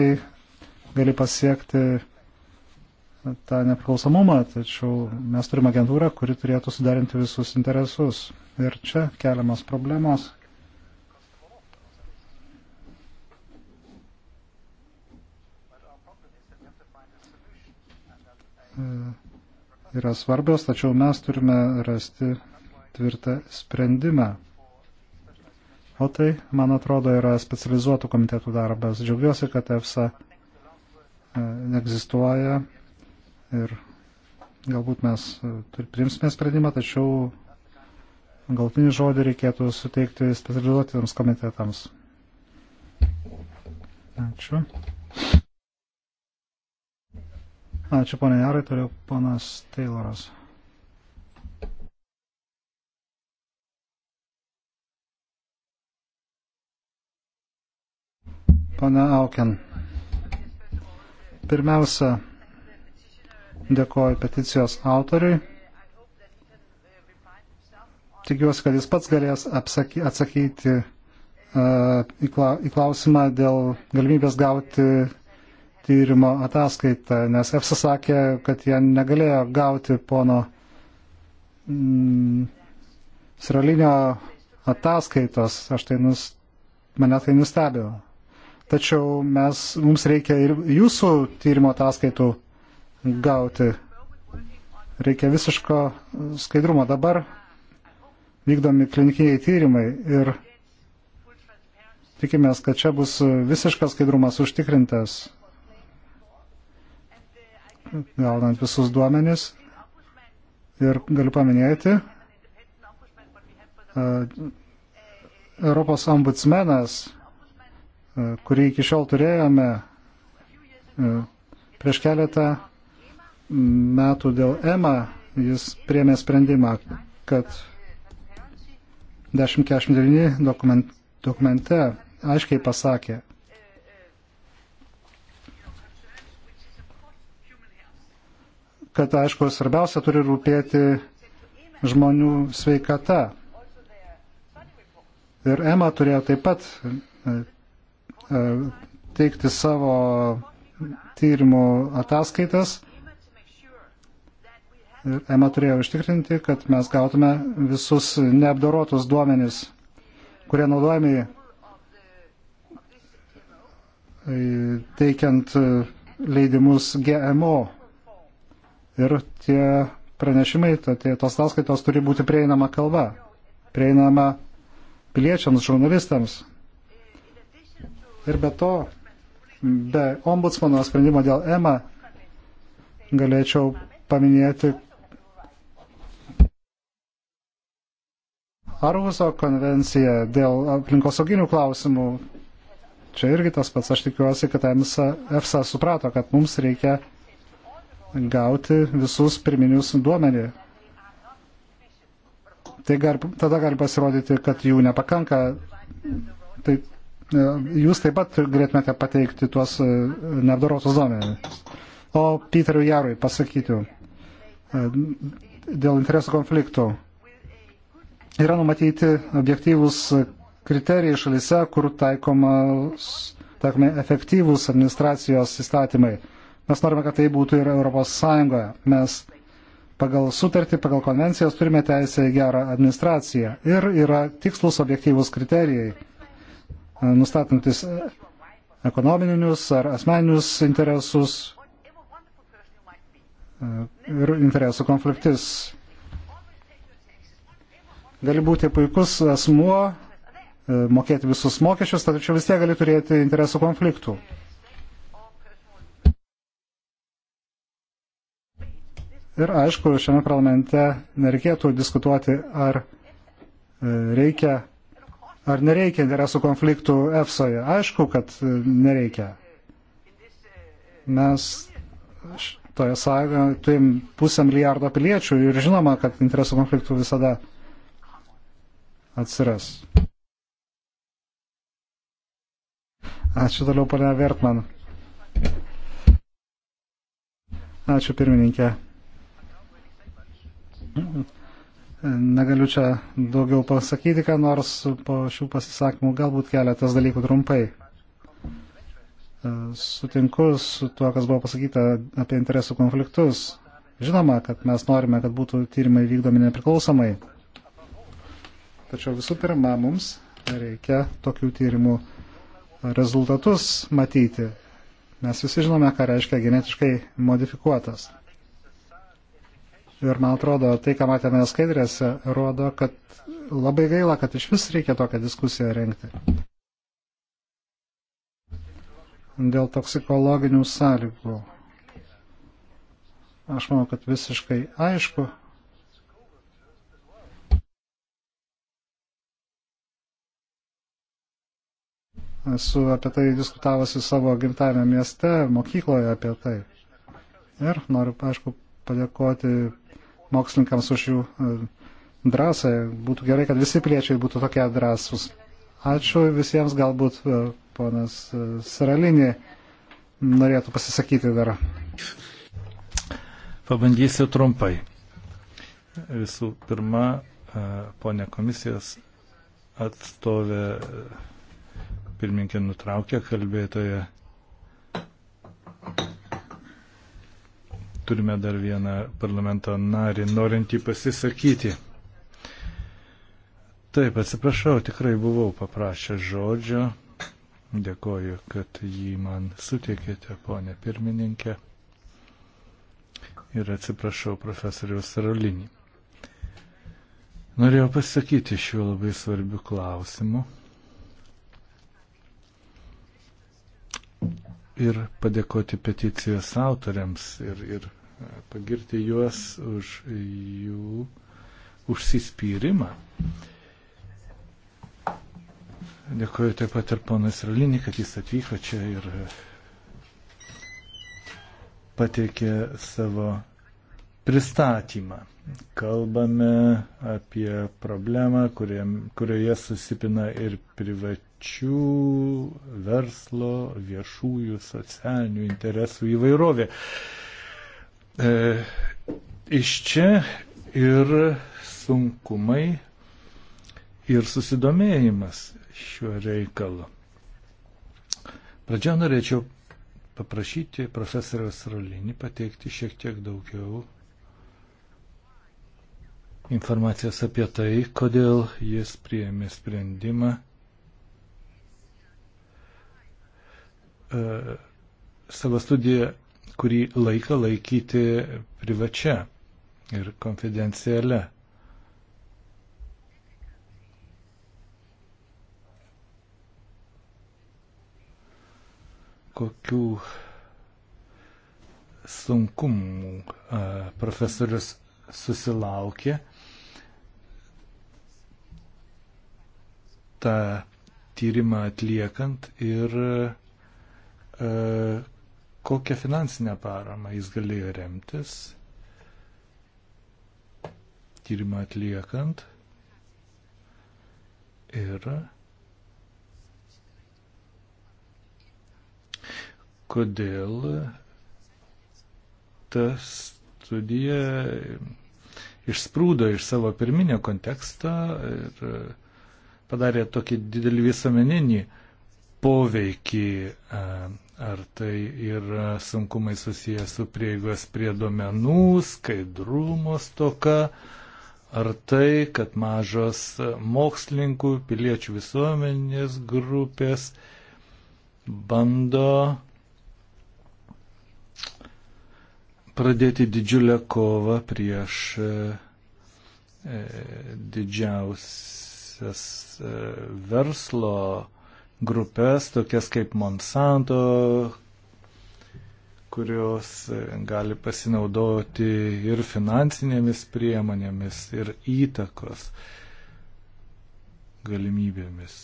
gali pasiekti e, tą nepriklausomumą, tačiau mes turime agentūrą, kuri turėtų sudarinti visus interesus. Ir čia keliamas problemos. E, yra svarbios, tačiau mes turime rasti tvirtą sprendimą. O tai, man atrodo, yra specializuotų komitetų darbas. Džiaugiuosi, kad EFSA e, egzistuoja ir galbūt mes e, priimsime sprendimą, tačiau galtinį žodį reikėtų suteikti specializuotiems komitetams. Ačiū. Ačiū, ponia Jarai, turiu ponas Tayloras. Pana Auken. Pirmiausia, dėkoju peticijos autoriui. Tikiuosi, kad jis pats galės apsaky, atsakyti uh, į klausimą dėl galimybės gauti tyrimo ataskaitą, nes EFSA sakė, kad jie negalėjo gauti pono mm, Sralinio ataskaitos. Aš tai nus, mane tai nustebėjo tačiau mes, mums reikia ir jūsų tyrimo ataskaitų gauti. Reikia visiško skaidrumo. Dabar vykdomi klinikiniai tyrimai ir tikimės, kad čia bus visiškas skaidrumas užtikrintas, gaunant visus duomenis. Ir galiu paminėti, e, Europos ombudsmenas E, kurį iki šiol turėjome e, prieš keletą metų dėl EMA, jis priemė sprendimą, kad 1049 dokument, dokumente aiškiai pasakė, kad aišku, svarbiausia turi rūpėti žmonių sveikata. Ir EMA turėjo taip pat e, E, teikti savo tyrimų ataskaitas. Ir EMA turėjo užtikrinti, kad mes gautume visus neapdorotus duomenys, kurie naudojami e, teikiant e, leidimus GMO. Ir tie pranešimai, tie, tos ataskaitos turi būti prieinama kalba, prieinama piliečiams, žurnalistams. Ir be to, be ombudsmano sprendimo dėl EMA galėčiau paminėti Arhuso konvenciją dėl aplinkosauginių klausimų. Čia irgi tas pats, aš tikiuosi, kad EMSA, EFSA suprato, kad mums reikia gauti visus pirminius duomenį. Tai gar, tada gali pasirodyti, kad jų nepakanka. Tai E, jūs taip pat galėtumėte pateikti tuos e, neapdorotus duomenis. O Peteriu Jarui pasakytų e, dėl interesų konfliktų. Yra numatyti objektyvus kriterijai šalise, kur taikomas, taikomi efektyvūs administracijos įstatymai. Mes norime, kad tai būtų ir Europos Sąjungoje. Mes pagal sutartį, pagal konvencijas turime teisę į gerą administraciją ir yra tikslus objektyvus kriterijai nustatantis ekonominius ar asmeninius interesus e, ir interesų konfliktis. Gali būti puikus asmuo, e, mokėti visus mokesčius, tačiau vis tiek gali turėti interesų konfliktų. Ir aišku, šiame parlamente nereikėtų diskutuoti, ar e, reikia Ar nereikia interesų konfliktų EFSOje? Aišku, kad e, nereikia. Mes toje sąjungoje turim pusę milijardo piliečių ir žinoma, kad interesų konfliktų visada atsiras. Ačiū toliau, ponia Vertman. Ačiū pirmininkė. Negaliu čia daugiau pasakyti, ką nors po šių pasisakymų galbūt keletas dalykų trumpai. Sutinku su tuo, kas buvo pasakyta apie interesų konfliktus. Žinoma, kad mes norime, kad būtų tyrimai vykdomi nepriklausomai. Tačiau visų pirma, mums reikia tokių tyrimų rezultatus matyti. Mes visi žinome, ką reiškia genetiškai modifikuotas. Ir man atrodo, tai, ką matėme skaidrėse, rodo, kad labai gaila, kad iš vis reikia tokią diskusiją renkti. Dėl toksikologinių sąlygų. Aš manau, kad visiškai aišku, esu apie tai diskutavusi savo gimtajame mieste, mokykloje apie tai. Ir noriu, aišku, padėkoti mokslininkams už jų e, drąsą. Būtų gerai, kad visi piliečiai būtų tokie drąsūs. Ačiū visiems, galbūt e, ponas e, Saralinė norėtų pasisakyti dar. Pabandysiu trumpai. Visų pirma, ponė komisijos atstovė pirmininkė nutraukė kalbėtoje turime dar vieną parlamento narį norintį pasisakyti. Taip, atsiprašau, tikrai buvau paprašęs žodžio. Dėkoju, kad jį man sutikėte, ponė pirmininkė. Ir atsiprašau profesoriaus Sarolinį. Norėjau pasakyti šiuo labai svarbiu klausimu. ir padėkoti peticijos autoriams ir, ir pagirti juos už jų užsispyrimą. Dėkuoju taip pat ir ponas Ralinį, kad jis atvyko čia ir pateikė savo pristatymą. Kalbame apie problemą, kurie, kurioje susipina ir privačių verslo, viešųjų, socialinių interesų įvairovė. E, iš čia ir sunkumai, ir susidomėjimas šiuo reikalu. Pradžioje norėčiau paprašyti profesoriaus Rolinį pateikti šiek tiek daugiau informacijos apie tai, kodėl jis priėmė sprendimą e, savo studiją kurį laiką laikyti privačia ir konfidencialia. Kokių sunkumų profesorius susilaukė tą tyrimą atliekant ir kokią finansinę paramą jis galėjo remtis tyrimą atliekant ir kodėl ta studija išsprūdo iš savo pirminio konteksto ir padarė tokį didelį visuomeninį poveikį e, Ar tai yra sunkumai susiję su prieigos prie duomenų, skaidrumo stoka, ar tai, kad mažos mokslininkų, piliečių visuomenės grupės bando pradėti didžiulę kovą prieš e, e, didžiausias e, verslo grupės, tokias kaip Monsanto, kurios e, gali pasinaudoti ir finansinėmis priemonėmis, ir įtakos galimybėmis.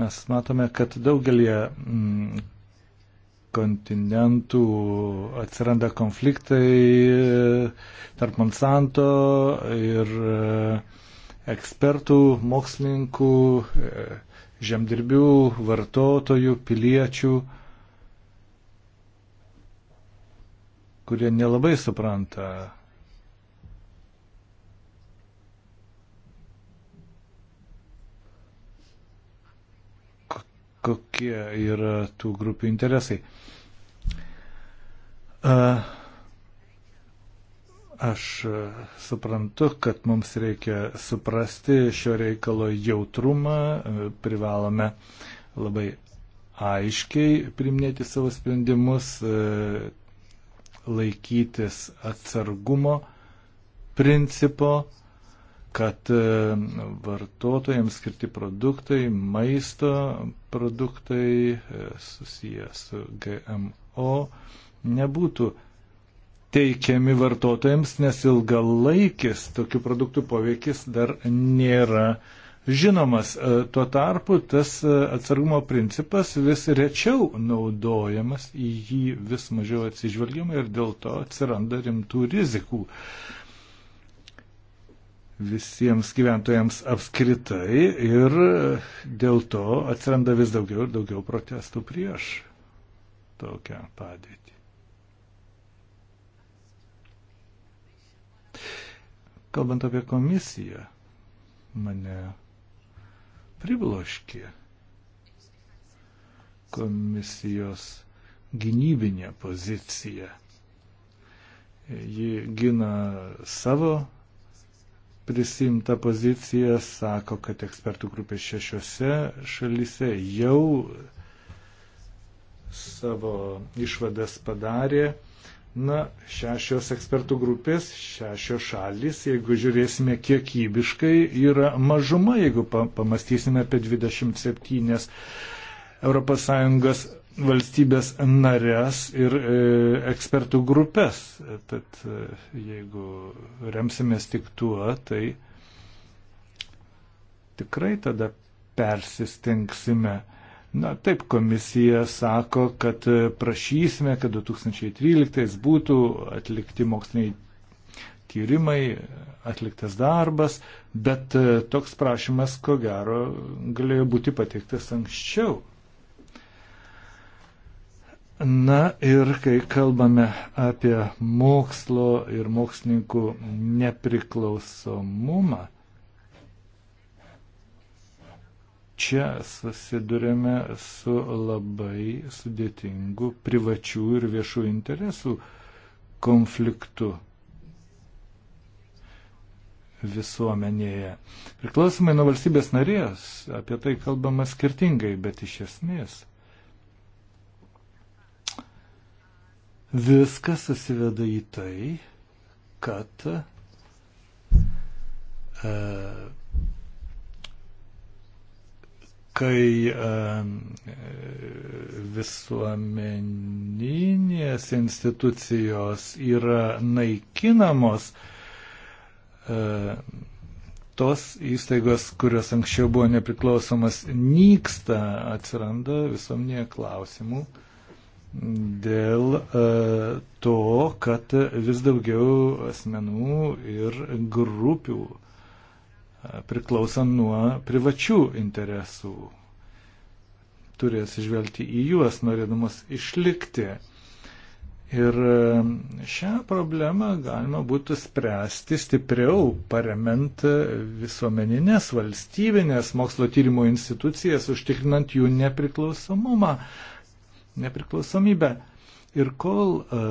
Mes matome, kad daugelie mm, kontinentų atsiranda konfliktai e, tarp Monsanto ir mm, ekspertų, mokslininkų, e, žemdirbių, vartotojų, piliečių, kurie nelabai supranta kokie yra tų grupių interesai. Uh, Aš e, suprantu, kad mums reikia suprasti šio reikalo jautrumą, e, privalome labai aiškiai priminėti savo sprendimus, e, laikytis atsargumo principo, kad vartotojams skirti produktai, maisto produktai susiję su GMO nebūtų teikiami vartotojams, nes ilgalaikis tokių produktų poveikis dar nėra žinomas. E, tuo tarpu tas e, atsargumo principas vis rečiau naudojamas, į jį vis mažiau atsižvelgiama ir dėl to atsiranda rimtų rizikų visiems gyventojams apskritai ir e, dėl to atsiranda vis daugiau ir daugiau protestų prieš tokią padėtį. Kalbant apie komisiją, mane pribloškė komisijos gynybinė pozicija. Ji gina savo prisimta pozicija, sako, kad ekspertų grupė šešiose šalise jau savo išvadas padarė Na, šešios ekspertų grupės, šešios šalis, jeigu žiūrėsime kiekybiškai, yra mažuma, jeigu pamastysime apie 27 ES valstybės narės ir e, ekspertų grupės. Tad e, jeigu remsimės tik tuo, tai tikrai tada persistengsime. Na taip, komisija sako, kad prašysime, kad 2013 būtų atlikti moksliniai tyrimai, atliktas darbas, bet e, toks prašymas, ko gero, galėjo būti pateiktas anksčiau. Na ir kai kalbame apie mokslo ir mokslininkų nepriklausomumą, čia susidurėme su labai sudėtingu privačių ir viešų interesų konfliktu visuomenėje. Priklausomai nuo valstybės narės, apie tai kalbama skirtingai, bet iš esmės viskas susiveda į tai, kad e, kai visuomeninės institucijos yra naikinamos, tos įstaigos, kurios anksčiau buvo nepriklausomas, nyksta, atsiranda visuomenėje klausimų dėl to, kad vis daugiau asmenų ir grupių priklauso nuo privačių interesų. Turės išvelgti į juos, norėdamas išlikti. Ir e, šią problemą galima būtų spręsti stipriau, paremant visuomeninės valstybinės mokslo tyrimo institucijas, užtikrinant jų nepriklausomumą, nepriklausomybę. Ir kol e,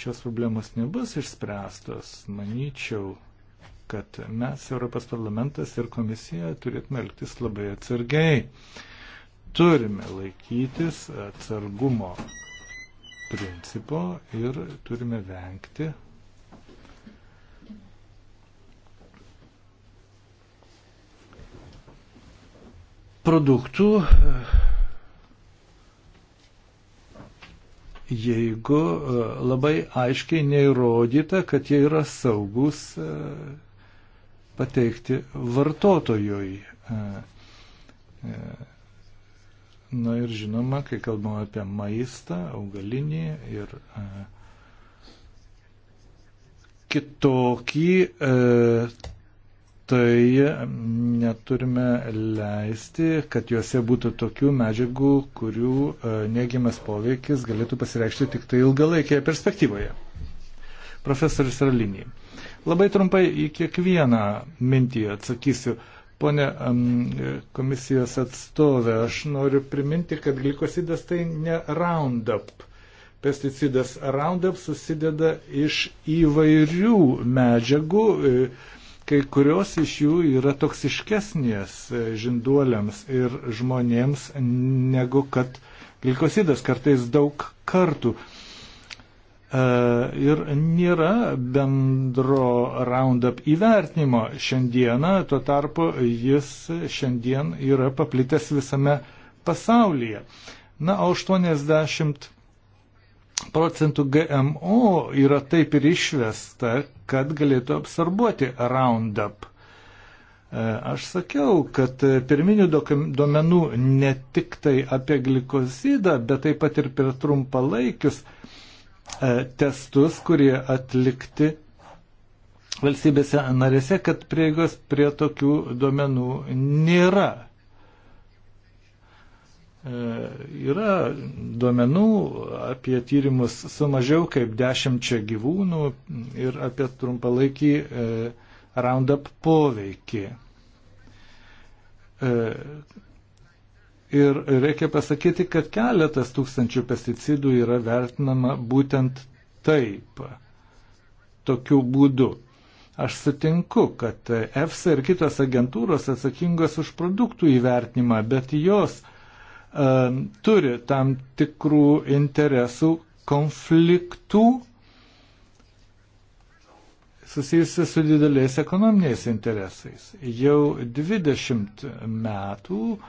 šios problemos nebus išspręstos, manyčiau, kad mes, Europos parlamentas ir komisija, turėtume elgtis labai atsargiai. Turime laikytis atsargumo principo ir turime vengti produktų, jeigu e, labai aiškiai neįrodyta, kad jie yra saugus e, pateikti vartotojui. E, e, Na ir žinoma, kai kalbam apie maistą, augalinį ir e, kitokį, tai neturime leisti, kad juose būtų tokių medžiagų, kurių neigiamas poveikis galėtų pasireikšti tik tai ilgalaikėje perspektyvoje. Profesorius Ralinijai. Labai trumpai į kiekvieną mintį atsakysiu. Pone komisijos atstovė, aš noriu priminti, kad glikosidas tai ne Roundup. Pesticidas Roundup susideda iš įvairių medžiagų, e, kai kurios iš jų yra toksiškesnės e, žinduoliams ir žmonėms negu kad glikosidas kartais daug kartų. E, ir nėra bendro roundup įvertinimo šiandieną, tuo tarpu jis šiandien yra paplitęs visame pasaulyje. Na, o 80 procentų GMO yra taip ir išvesta, kad galėtų absorbuoti roundup. E, aš sakiau, kad pirminių duomenų ne tik tai apie glikozidą, bet taip pat ir per trumpalaikius laikius E, testus, kurie atlikti valstybėse narėse, kad prieigos prie tokių duomenų nėra. E, yra duomenų apie tyrimus su mažiau kaip dešimčia gyvūnų ir apie trumpalaikį e, roundup poveikį Ir reikia pasakyti, kad keletas tūkstančių pesticidų yra vertinama būtent taip, tokiu būdu. Aš sutinku, kad EFSA ir kitos agentūros atsakingos už produktų įvertinimą, bet jos uh, turi tam tikrų interesų konfliktų susijusi su dideliais ekonominiais interesais. Jau 20 metų uh,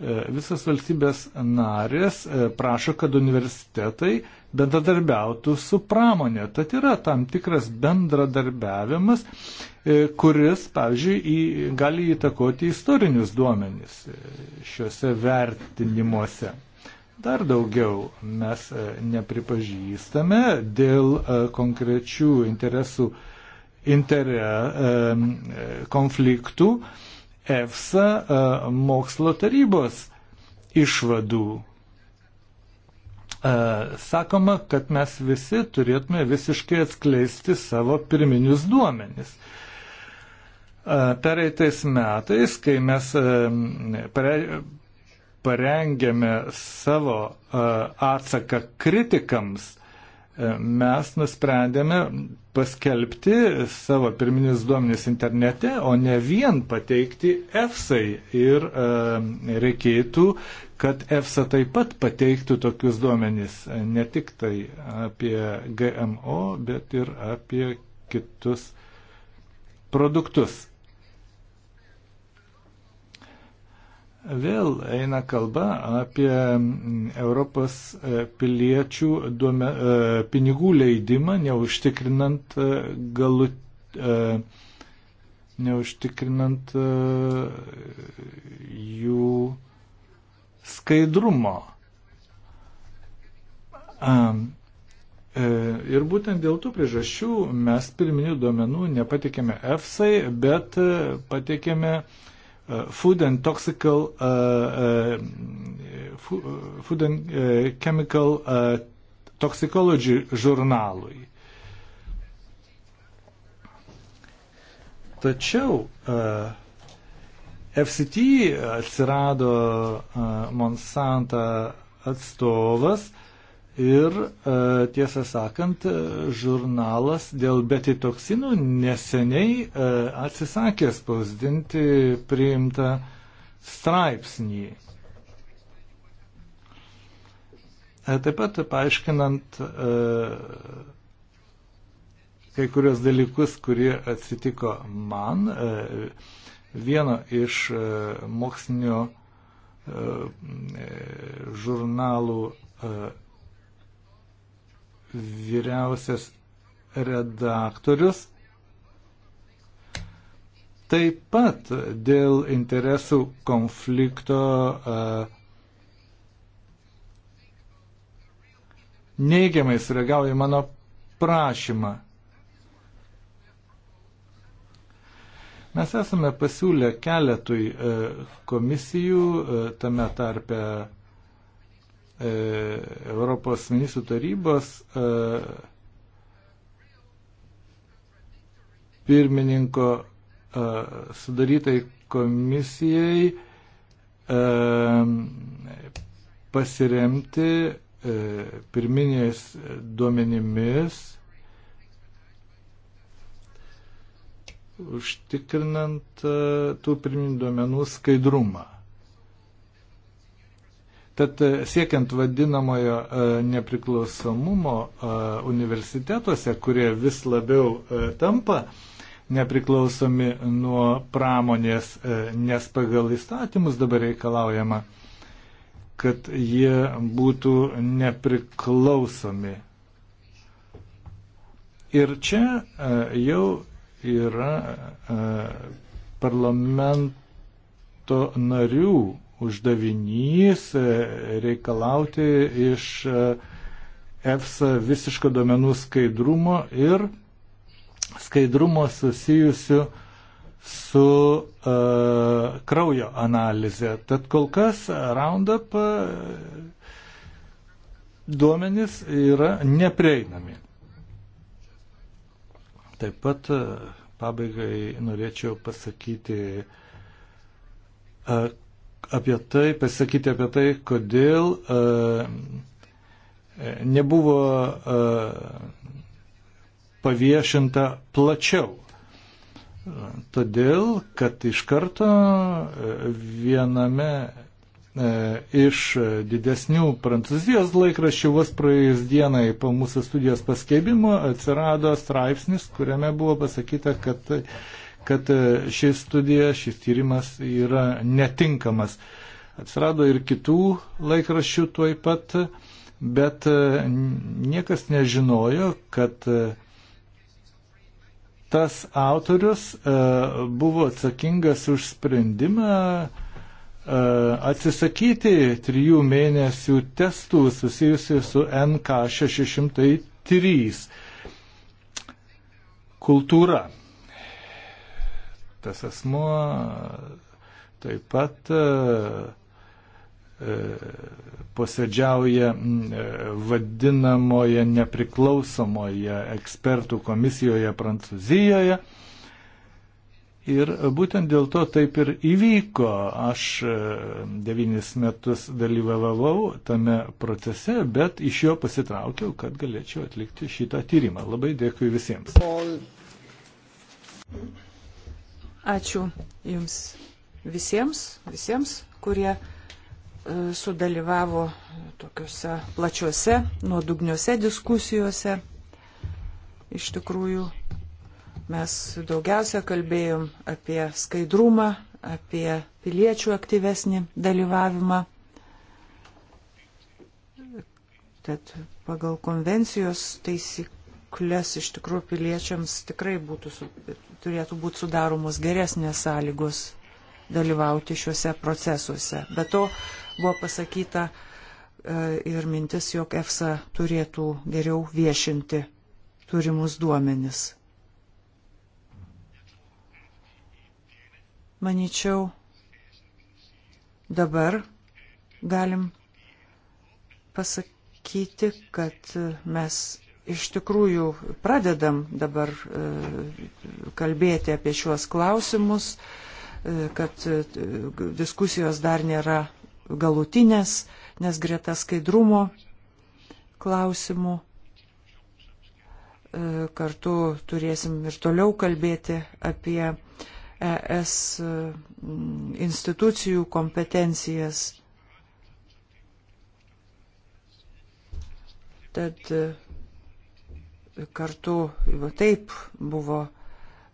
E, visas valstybės narės e, prašo, kad universitetai bendradarbiautų su pramonė. Tad yra tam tikras bendradarbiavimas, e, kuris, pavyzdžiui, į, gali įtakoti istorinius duomenys šiuose vertinimuose. Dar daugiau mes nepripažįstame dėl konkrečių interesų intere, konfliktų EFSA e, mokslo tarybos išvadų. E, sakoma, kad mes visi turėtume visiškai atskleisti savo pirminius duomenis. E, pereitais metais, kai mes parengėme savo atsaką kritikams, mes nusprendėme paskelbti savo pirminius duomenis internete, o ne vien pateikti EFSAI. Ir e, reikėtų, kad EFSA taip pat pateiktų tokius duomenis, ne tik tai apie GMO, bet ir apie kitus produktus. Vėl eina kalba apie Europos e, piliečių duome, e, pinigų leidimą, neužtikrinant, e, galu, neužtikrinant jų skaidrumo. Ir būtent dėl tų priežasčių mes pirminių duomenų nepatikėme EFSAI, bet patikėme uh, Uh, food and Toxical uh, uh, Food and Chemical Toxicology žurnalui. Tačiau FCT atsirado Monsanta atstovas, Ir e, tiesą sakant, žurnalas dėl betitoksinų neseniai e, atsisakė spausdinti priimtą straipsnį. E, taip pat paaiškinant kai kurios dalykus, kurie atsitiko man, vieno iš mokslinio žurnalų vyriausias redaktorius taip pat dėl interesų konflikto e, neigiamai sureagavo į mano prašymą. Mes esame pasiūlę keletui e, komisijų, e, tame tarpe E, Europos ministrų tarybos e, pirmininko e, sudarytai komisijai pasiremti pirminės duomenimis, užtikrinant tų pirminių duomenų skaidrumą. Tad e, siekiant vadinamojo e, nepriklausomumo e, universitetuose, kurie vis labiau tampa nepriklausomi nuo pramonės, nes pagal įstatymus dabar reikalaujama, kad jie būtų nepriklausomi. Ir čia jau yra parlamento narių uždavinys e, reikalauti iš e, EFSA visiško domenų skaidrumo ir skaidrumo susijusiu su uh, kraujo analize. Tad kol kas Roundup duomenys yra neprieinami. Taip pat pabaigai norėčiau pasakyti, apie tai, pasakyti apie tai, kodėl e, e, nebuvo e, paviešinta plačiau. Todėl, kad iš karto e, viename e, iš didesnių prancūzijos laikraščių vos praėjus dienai po mūsų studijos paskelbimo atsirado straipsnis, kuriame buvo pasakyta, kad kad e, ši studija, šis tyrimas yra netinkamas. Atsirado ir kitų laikraščių tuoj pat, bet e, niekas nežinojo, kad e, tas autorius buvo atsakingas už sprendimą atsisakyti trijų mėnesių testų susijusių su NK603 kultūra tas asmuo taip pat e, e, posėdžiauja vadinamoje nepriklausomoje ekspertų komisijoje Prancūzijoje. Ir būtent dėl to taip ir įvyko. Aš e, devynis metus dalyvavau tame procese, bet iš jo pasitraukiau, kad galėčiau atlikti šitą tyrimą. Labai dėkui visiems. All. Ačiū Jums visiems, visiems, kurie e, sudalyvavo tokiuose plačiuose, nuodugniuose diskusijuose. Iš tikrųjų, mes daugiausia kalbėjom apie skaidrumą, apie piliečių aktyvesnį dalyvavimą. Tad pagal konvencijos taisyklę taisyklės iš tikrųjų piliečiams tikrai būtų, turėtų būti sudaromos geresnės sąlygos dalyvauti šiuose procesuose. Be to buvo pasakyta e, ir mintis, jog EFSA turėtų geriau viešinti turimus duomenis. Maničiau, dabar galim pasakyti, kad mes iš tikrųjų pradedam dabar e, kalbėti apie šiuos klausimus, e, kad e, diskusijos dar nėra galutinės, nes greta skaidrumo klausimų kartu turėsim ir toliau kalbėti apie ES institucijų kompetencijas. Tad kartu taip buvo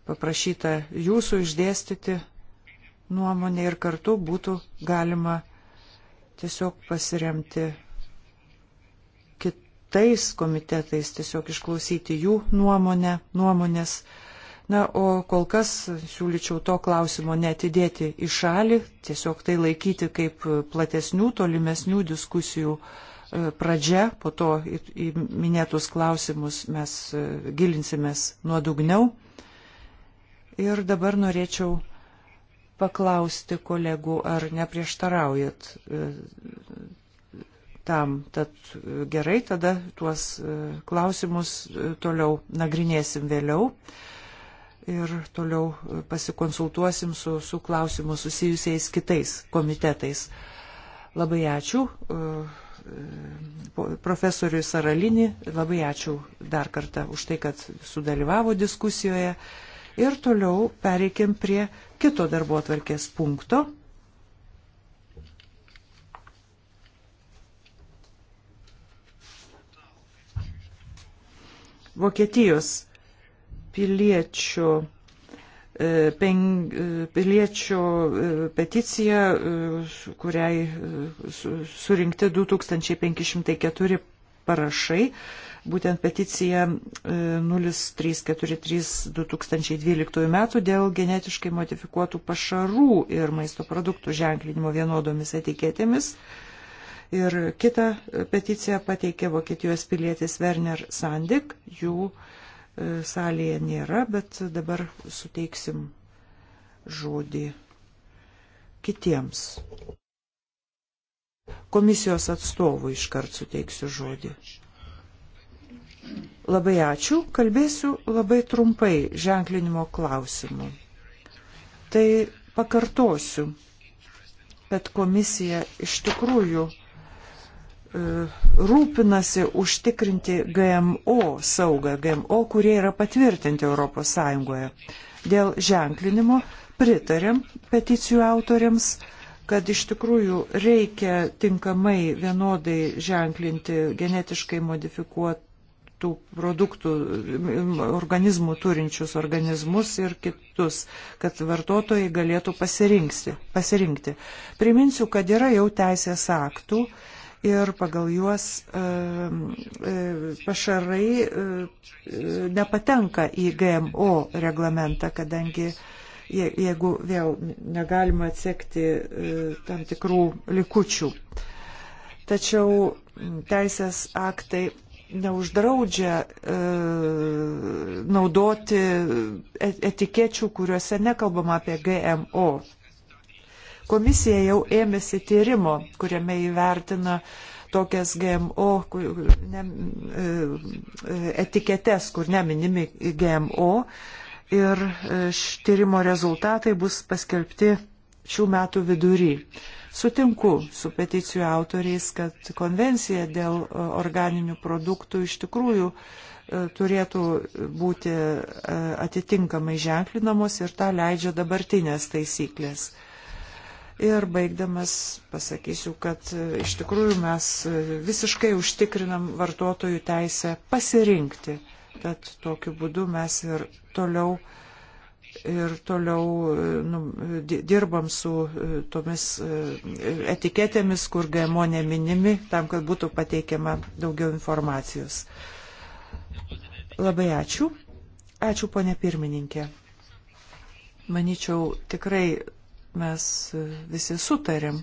paprašyta jūsų išdėstyti nuomonę ir kartu būtų galima tiesiog pasiremti kitais komitetais, tiesiog išklausyti jų nuomonę, nuomonės. Na, o kol kas siūlyčiau to klausimo netidėti į šalį, tiesiog tai laikyti kaip platesnių, tolimesnių diskusijų uh, E, pradžia, po to į minėtus klausimus mes e, gilinsimės nuodugniau. Ir dabar norėčiau paklausti kolegų, ar neprieštaraujat e, tam. Tad gerai, tada tuos klausimus toliau nagrinėsim vėliau ir toliau pasikonsultuosim su, su klausimu susijusiais kitais komitetais. Labai ačiū. Uh, profesoriui Saralinį. Labai ačiū dar kartą už tai, kad sudalyvavo diskusijoje. Ir toliau pereikim prie kito darbo atvarkės punkto. Vokietijos piliečių piliečio e, peticiją, e, kuriai e, surinkti 2504 parašai. Būtent peticija 0343-2012 metų dėl genetiškai modifikuotų pašarų ir maisto produktų ženklinimo vienodomis etiketėmis. Ir kitą peticiją pateikė Vokietijos pilietis Werner Sandik, jų uh, salėje nėra, bet dabar suteiksim žodį kitiems. Komisijos atstovų iškart suteiksiu žodį. Labai ačiū, kalbėsiu labai trumpai ženklinimo klausimu. Tai pakartosiu, kad komisija iš tikrųjų E, rūpinasi užtikrinti GMO saugą, GMO, kurie yra patvirtinti ES. Dėl ženklinimo pritarėm peticijų autoriams, kad iš tikrųjų reikia tinkamai vienodai ženklinti genetiškai modifikuotų produktų, organizmų turinčius organizmus ir kitus, kad vartotojai galėtų pasirinkti. Priminsiu, kad yra jau teisės aktų, ir pagal juos e, e, pašarai e, nepatenka į GMO reglamentą, kadangi jeigu vėl negalima atsekti tam tikrų likučių. Tačiau teisės aktai neuždraudžia e, naudoti etikečių, kuriuose nekalbama apie GMO. Komisija jau ėmėsi tyrimo, kuriame įvertina tokias GMO ne, e, e, etiketes, kur neminimi GMO. Ir e, tyrimo rezultatai bus paskelbti šių metų vidury. Sutinku su peticijų autoriais, kad konvencija dėl organinių produktų iš tikrųjų turėtų būti atitinkamai ženklinamos ir tą leidžia dabartinės taisyklės. Ir baigdamas pasakysiu, kad e, iš tikrųjų mes e, visiškai užtikrinam vartotojų teisę pasirinkti. Tad tokiu būdu mes ir toliau, ir toliau e, nu, dirbam su tomis etiketėmis, kur GMO neminimi, tam, kad būtų pateikiama daugiau informacijos. Labai ačiū. Ačiū, ponė pirmininkė. Maničiau, tikrai mes visi sutarėm,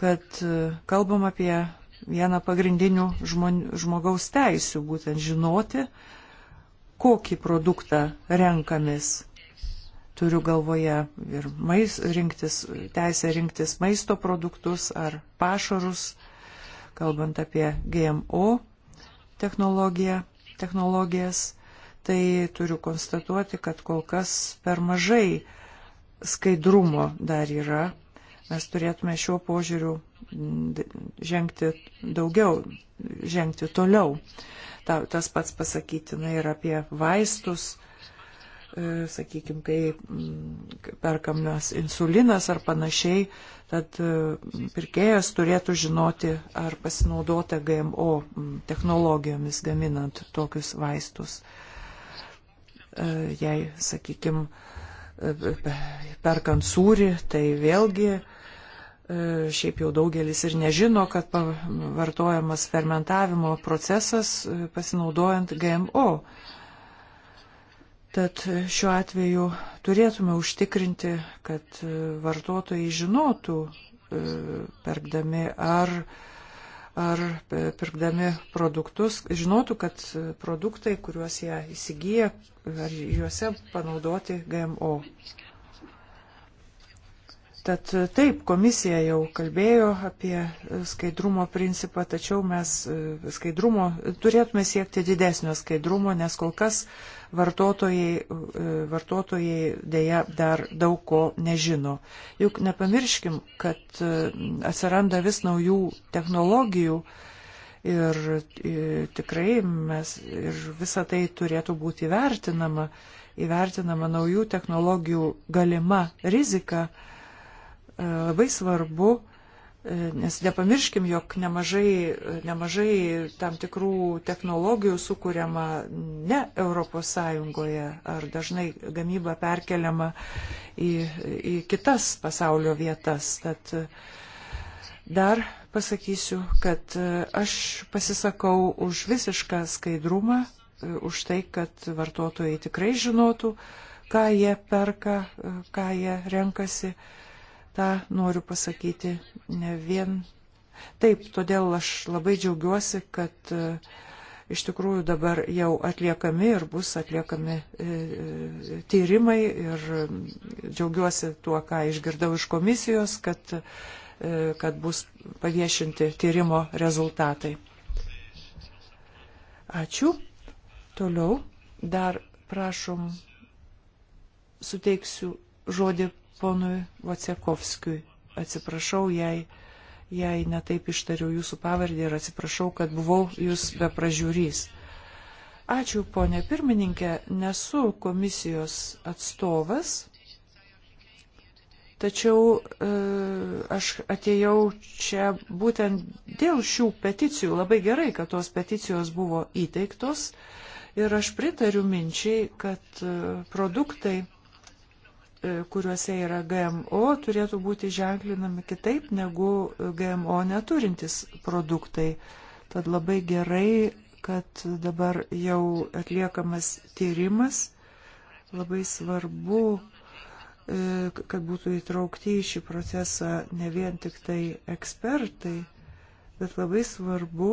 kad kalbam apie vieną pagrindinių žmogaus teisių, būtent žinoti, kokį produktą renkamės. Turiu galvoje ir mais, rinktis, teisę rinktis maisto produktus ar pašarus, kalbant apie GMO technologiją, technologijas. Tai turiu konstatuoti, kad kol kas per mažai skaidrumo dar yra. Mes turėtume šiuo požiūriu žengti daugiau, žengti toliau. Ta, tas pats pasakytina ir apie vaistus, e, sakykime, kai perkamas insulinas ar panašiai, tad e, pirkėjas turėtų žinoti, ar pasinaudota GMO technologijomis gaminant tokius vaistus. E, jei, sakykime, perkant sūrį, tai vėlgi e, šiaip jau daugelis ir nežino, kad vartojamas fermentavimo procesas e, pasinaudojant GMO. Tad šiuo atveju turėtume užtikrinti, kad e, vartotojai žinotų, perkdami ar uh, ar e, pirkdami produktus žinotų, kad produktai, kuriuos jie įsigyja, ar juose panaudoti GMO. Tad e, taip, komisija jau kalbėjo apie e, skaidrumo principą, tačiau mes skaidrumo turėtume siekti didesnio skaidrumo, nes kol kas uh, vartotojai, e, vartotojai dėja dar daug ko nežino. Juk nepamirškim, kad e, atsiranda vis naujų technologijų ir e, tikrai mes ir visa tai turėtų būti vertinama, įvertinama naujų technologijų galima rizika. Labai svarbu, E, nes nepamirškim, jog nemažai, e, nemažai tam tikrų technologijų sukūriama ne Europos Sąjungoje ar dažnai gamyba perkeliama į, į kitas pasaulio vietas. Tad e, dar pasakysiu, kad aš pasisakau už visišką skaidrumą, už tai, kad vartotojai tikrai žinotų, ką jie perka, ką jie renkasi tą noriu pasakyti ne vien. Taip, todėl aš labai džiaugiuosi, kad e, iš tikrųjų dabar jau atliekami ir bus atliekami e, e, tyrimai ir džiaugiuosi tuo, ką išgirdau iš komisijos, kad, kad bus paviešinti tyrimo rezultatai. Ačiū. Toliau dar prašom suteiksiu žodį ponui Vacekovskijui. Atsiprašau, jei, jei netaip ištariau jūsų pavardį ir atsiprašau, kad buvau jūs be pražiūrys. Ačiū, ponė pirmininkė, nesu komisijos atstovas, tačiau e, aš atėjau čia būtent dėl šių peticijų. Labai gerai, kad tos peticijos buvo įteiktos ir aš pritariu minčiai, kad e, produktai E, kuriuose yra GMO, turėtų būti ženklinami kitaip negu GMO neturintys produktai. Tad labai gerai, kad dabar jau atliekamas tyrimas. Labai svarbu, e, kad būtų įtraukti į šį procesą ne vien tik tai ekspertai, bet labai svarbu,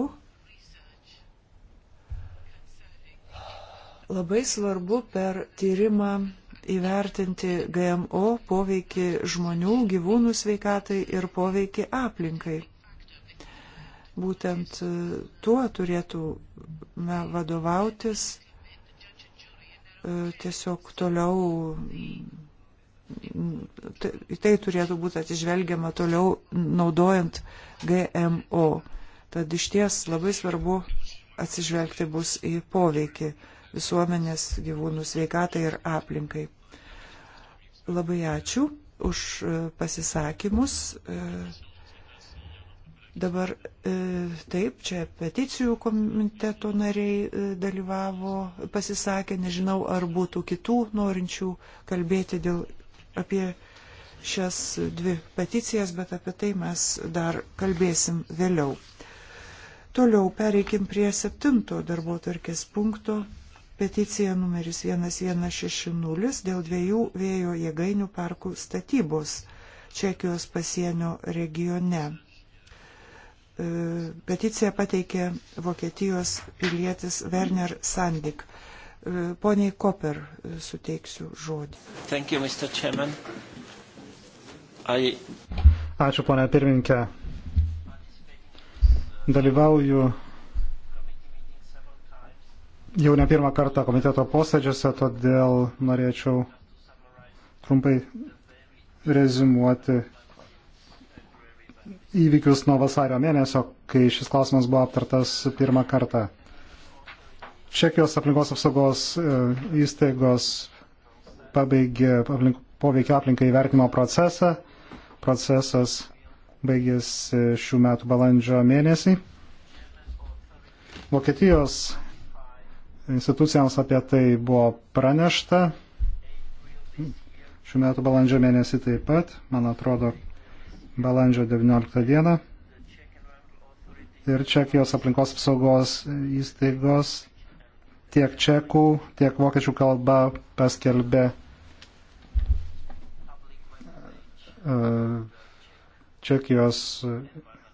labai svarbu per tyrimą įvertinti GMO poveikį žmonių, gyvūnų sveikatai ir poveikį aplinkai. Būtent e, tuo turėtume vadovautis e, tiesiog toliau, į tai turėtų būti atižvelgiama toliau naudojant GMO. Tad iš ties labai svarbu atsižvelgti bus į poveikį visuomenės gyvūnų sveikatai ir aplinkai. Labai ačiū už e, pasisakymus. E, dabar e, taip, čia peticijų komiteto nariai dalyvavo, pasisakė, nežinau, ar būtų kitų norinčių kalbėti dėl, apie šias dvi peticijas, bet apie tai mes dar kalbėsim vėliau. Toliau pereikim prie septinto darbo tarkės punkto peticija numeris 1160 dėl dviejų vėjo jėgainių parkų statybos Čekijos pasienio regione. E, peticiją pateikė Vokietijos pilietis Werner Sandik. E, poniai Koper e, suteiksiu žodį. Thank you, Mr. Chairman. I... Ačiū, ponia pirminkė. Dalyvauju jau ne pirmą kartą komiteto posėdžiuose, todėl norėčiau trumpai rezimuoti įvykius nuo vasario mėnesio, kai šis klausimas buvo aptartas pirmą kartą. Čekijos aplinkos apsaugos e, įstaigos pabaigė aplink, poveikio aplinkai vertimo procesą. Procesas baigėsi šių metų balandžio mėnesį. Vokietijos institucijams apie tai buvo pranešta. Šiuo metu balandžio mėnesį taip pat, man atrodo, balandžio 19 dieną. Ir Čekijos aplinkos apsaugos įstaigos tiek čekų, tiek vokiečių kalba paskelbė e, Čekijos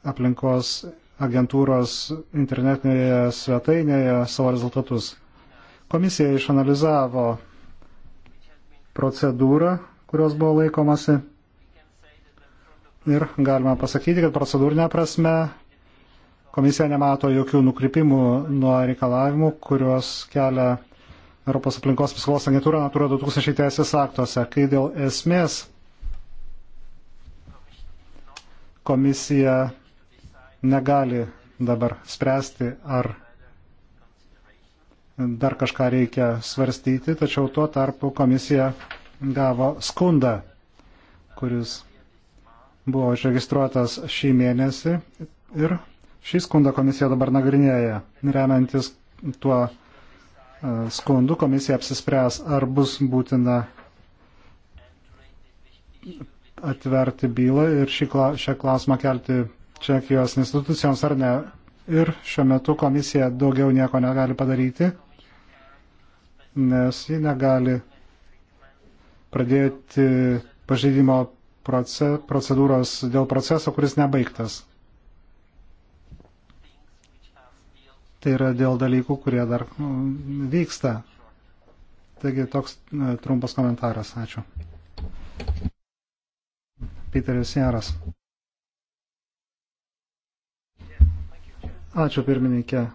aplinkos agentūros internetinėje svetainėje savo rezultatus. Komisija išanalizavo procedūrą, kurios buvo laikomasi. Ir galima pasakyti, kad procedūrinė prasme komisija nemato jokių nukrypimų nuo reikalavimų, kuriuos kelia Europos aplinkos apsaugos agentūra Natura 2000 teisės aktuose, kai dėl esmės komisija negali dabar spręsti, ar dar kažką reikia svarstyti, tačiau tuo tarpu komisija gavo skundą, kuris buvo išregistruotas šį mėnesį ir šį skundą komisija dabar nagrinėja. Remiantis tuo e, skundu komisija apsispręs, ar bus būtina atverti bylą ir šį, šią klausimą kelti Čekijos institucijoms ar ne. Ir šiuo metu komisija daugiau nieko negali padaryti nes ji negali pradėti pažeidimo proce, procedūros dėl proceso, kuris nebaigtas. Tai yra dėl dalykų, kurie dar mm, vyksta. Taigi toks e, trumpas komentaras. Ačiū. Piteris Jaras. Ačiū pirmininkė.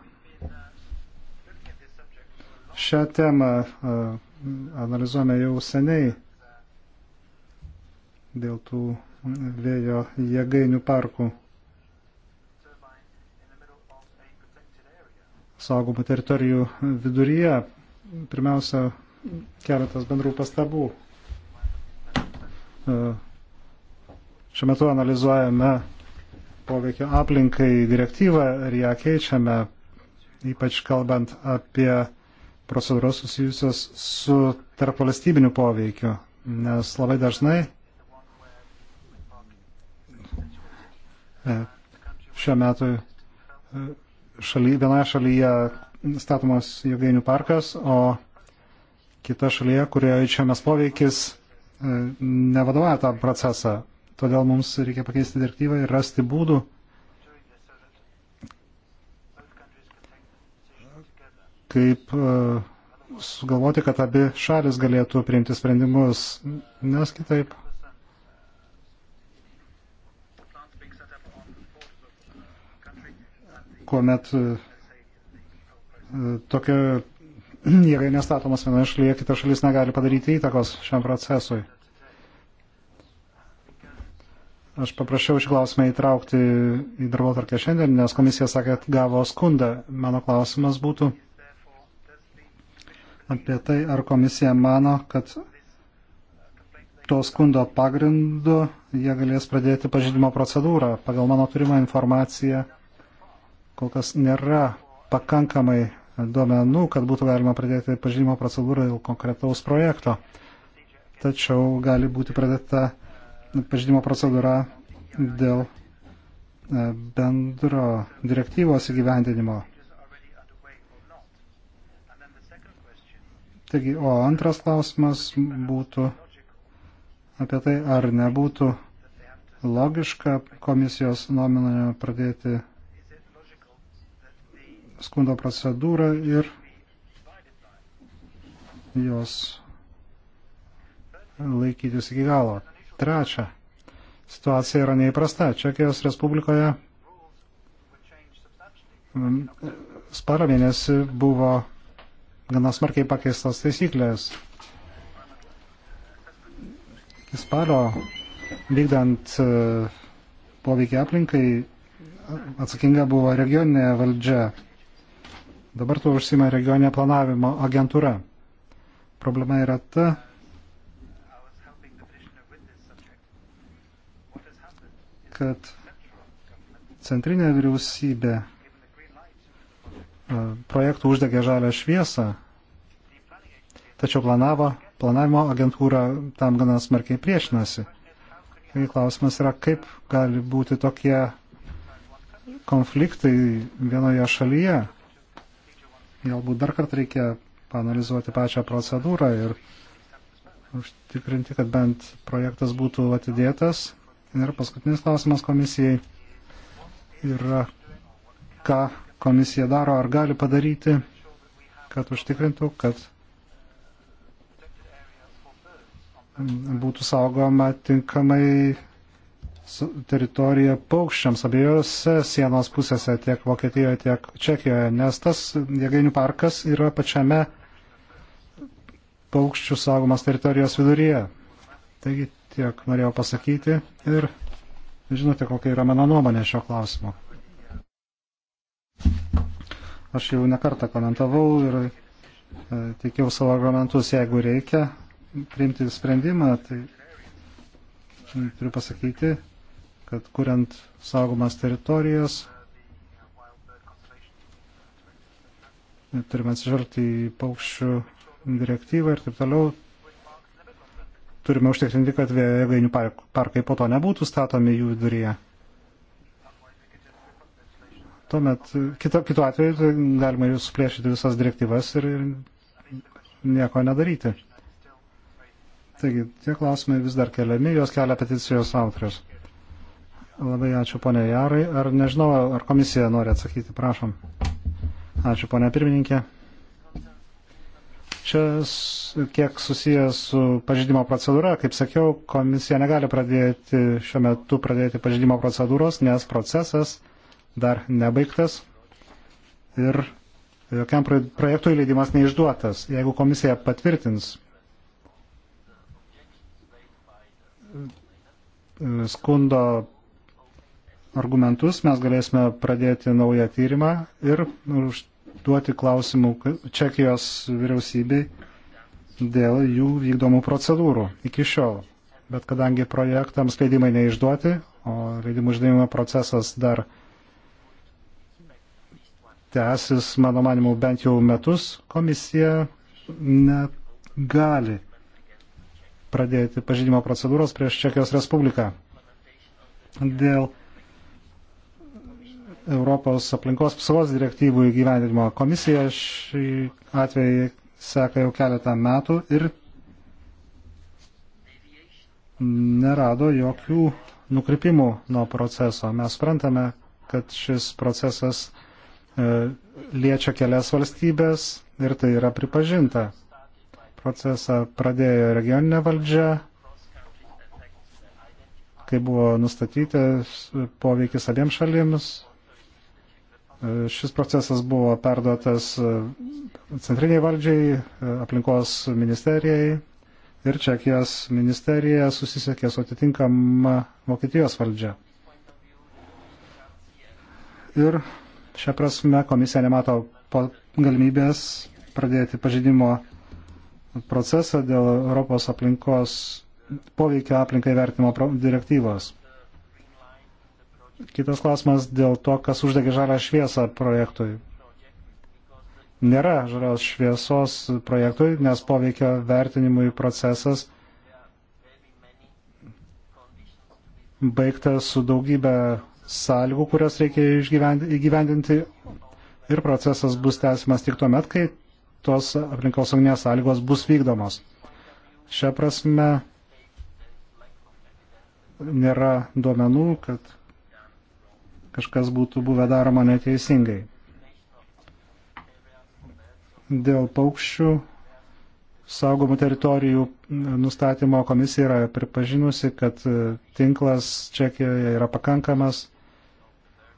Šią temą analizuojame jau seniai dėl tų vėjo jėgainių parkų saugomų teritorijų viduryje. Pirmiausia, keletas bendrų pastabų. Šiuo metu analizuojame poveikio aplinkai direktyvą ir ją keičiame, ypač kalbant apie procedūros susijusios su tarpvalstybiniu poveikiu, nes labai dažnai e, šiuo metu e, šaly, vienoje šalyje statomos jėgainių parkas, o kita šalyje, kurioje čia mes poveikis e, nevadovauja tą procesą. Todėl mums reikia pakeisti direktyvą ir rasti būdų, kaip e, sugalvoti, kad abi šalis galėtų priimti sprendimus, nes kitaip. Kuomet e, tokia jėgai [clears throat] nestatomas vienoje šalyje, kita šalis negali padaryti įtakos šiam procesui. Aš paprašiau šį klausimą įtraukti į darbo tarkę šiandien, nes komisija sakė, kad gavo skundą. Mano klausimas būtų, apie tai, ar komisija mano, kad to skundo pagrindu jie galės pradėti pažydimo procedūrą. Pagal mano turimą informaciją kol kas nėra pakankamai duomenų, kad būtų galima pradėti pažydimo procedūrą dėl konkretaus projekto. Tačiau gali būti pradėta pažydimo procedūra dėl e, bendro direktyvos įgyvendinimo. Taigi, o antras klausimas būtų apie tai, ar nebūtų logiška komisijos nuomonę pradėti skundo procedūrą ir jos laikytis iki galo. Trečia, situacija yra neįprasta. Čekijos Respublikoje spalio mėnesį buvo gana smarkiai pakeistas taisyklės. Iki spalio vykdant e, poveikį aplinkai atsakinga buvo regioninė valdžia. Dabar tuo užsima regioninė planavimo agentūra. Problema yra ta, kad centrinė vyriausybė E, projektų uždegė žalę šviesą, tačiau planavo, planavimo agentūra tam gana smarkiai priešinasi. Taigi klausimas yra, kaip gali būti tokie konfliktai vienoje šalyje. Galbūt dar kartą reikia panalizuoti pačią procedūrą ir užtikrinti, kad bent projektas būtų atidėtas. Ir paskutinis klausimas komisijai yra, ką komisija daro ar gali padaryti, kad užtikrintų, kad būtų saugoma tinkamai teritorija paukščiams abiejose sienos pusėse, tiek Vokietijoje, tiek Čekijoje, nes tas jėgainių parkas yra pačiame paukščių saugomas teritorijos viduryje. Taigi tiek norėjau pasakyti ir žinote, kokia yra mano nuomonė šio klausimo. Aš jau nekartą komentavau ir e, teikiau savo argumentus, jeigu reikia priimti sprendimą, tai turiu pasakyti, kad kuriant saugomas teritorijas turime atsižvelgti į paukščių direktyvą ir taip toliau. Turime užtikrinti, kad vėjo jėgainių parkai po to nebūtų statomi jų viduryje. Tuomet kita, kitu atveju tai galima jūs suplėšyti visas direktyvas ir, ir nieko nedaryti. Taigi, tie klausimai vis dar keliami, juos kelia peticijos autorius. Labai ačiū, ponė Jarai. Ar nežinau, ar komisija nori atsakyti, prašom. Ačiū, ponė pirmininkė. Čia kiek susijęs su pažydimo procedūra, kaip sakiau, komisija negali pradėti šiuo metu pradėti pažydimo procedūros, nes procesas dar nebaigtas ir jokiam projektui leidimas neišduotas. Jeigu komisija patvirtins e, skundo argumentus, mes galėsime pradėti naują tyrimą ir užduoti klausimų Čekijos vyriausybei dėl jų vykdomų procedūrų iki šiol. Bet kadangi projektams leidimai neišduoti, o leidimų išdavimo procesas dar tęsis, mano manimu, bent jau metus, komisija negali pradėti pažydimo procedūros prieš Čekijos Respubliką dėl Europos aplinkos apsaugos direktyvų įgyvendinimo. Komisija šį atvejį seka jau keletą metų ir nerado jokių nukrypimų nuo proceso. Mes suprantame, kad šis procesas E, liečia kelias valstybės ir tai yra pripažinta. Procesą pradėjo regioninė valdžia, kai buvo nustatytas poveikis abiems šalims. E, šis procesas buvo perduotas e, centriniai valdžiai, aplinkos ministerijai ir Čekijos ministerija susisiekė su atitinkama Vokietijos valdžia. Ir Šią prasme komisija nemato galimybės pradėti pažydimo procesą dėl Europos aplinkos poveikio aplinkai vertimo direktyvos. Kitas klausimas dėl to, kas uždegė žalę šviesą projektui. Nėra žalios šviesos projektui, nes poveikio vertinimui procesas baigtas su daugybė sąlygų, kurias reikia įgyvendinti ir procesas bus tęsimas tik tuo met, kai tos aplinkos angnės sąlygos bus vykdomos. Šią prasme nėra duomenų, kad kažkas būtų buvę daroma neteisingai. Dėl paukščių saugomų teritorijų nustatymo komisija yra pripažinusi, kad tinklas Čekijoje yra pakankamas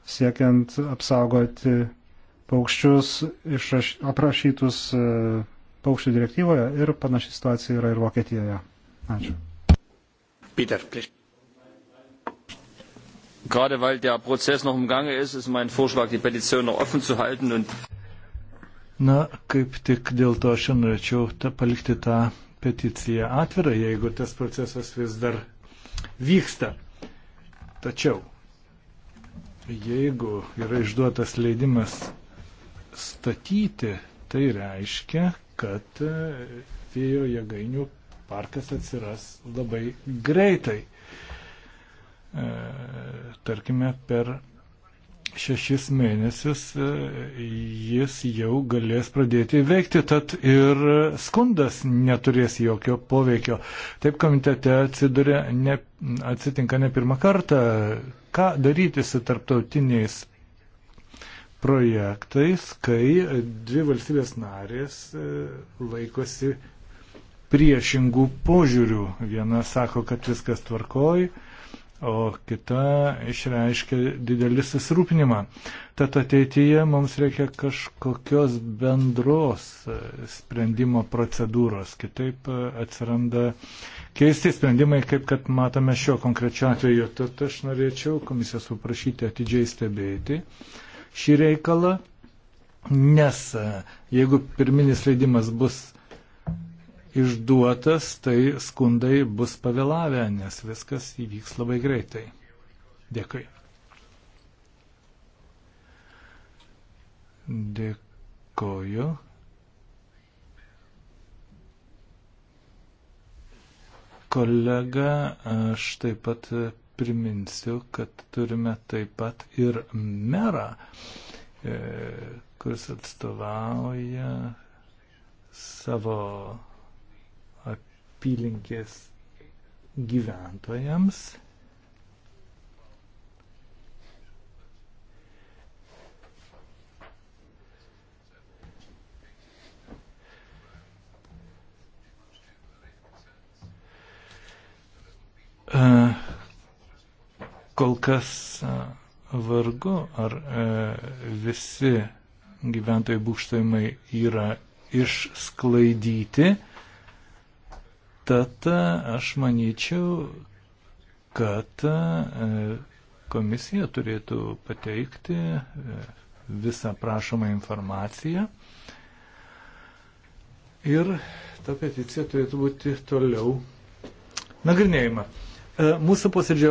siekiant apsaugoti paukščius išraš, aprašytus e, paukščių direktyvoje ir panaši situacija yra ir Vokietijoje. Ačiū. Peter, please. Gerade weil der Prozess noch im Gange ist, ist mein Vorschlag, die Petition noch offen zu halten. Und Na, kaip tik dėl to aš norėčiau ta, palikti tą peticiją atvirą, jeigu tas procesas vis dar vyksta. Tačiau Jeigu yra išduotas leidimas statyti, tai reiškia, kad e, vėjo jėgainių parkas atsiras labai greitai. E, tarkime, per šešis mėnesius e, jis jau galės pradėti veikti, tad ir skundas neturės jokio poveikio. Taip komitete atsiduria, ne, atsitinka ne pirmą kartą, ką daryti su tarptautiniais projektais, kai dvi valstybės narės e, laikosi priešingų požiūrių. Viena sako, kad viskas tvarkoj, o kita išreiškia didelį susirūpinimą. Tad ateityje mums reikia kažkokios bendros e, sprendimo procedūros, kitaip e, atsiranda uh, keisti sprendimai, kaip kad matome šio konkrečio atveju. Tad aš norėčiau komisijos paprašyti atidžiai stebėti šį reikalą, nes e, jeigu pirminis leidimas bus išduotas, tai skundai bus pavėlavę, nes viskas įvyks labai greitai. Dėkui. Dėkoju. kolega, aš taip pat priminsiu, kad turime taip pat ir merą, e, kuris atstovauja savo apylinkės gyventojams. E, kol kas e, vargu, ar e, visi gyventojų būkštojimai yra išsklaidyti. Tad aš manyčiau, kad komisija turėtų pateikti visą prašomą informaciją ir ta peticija turėtų būti toliau nagrinėjama. E, mūsų posėdžio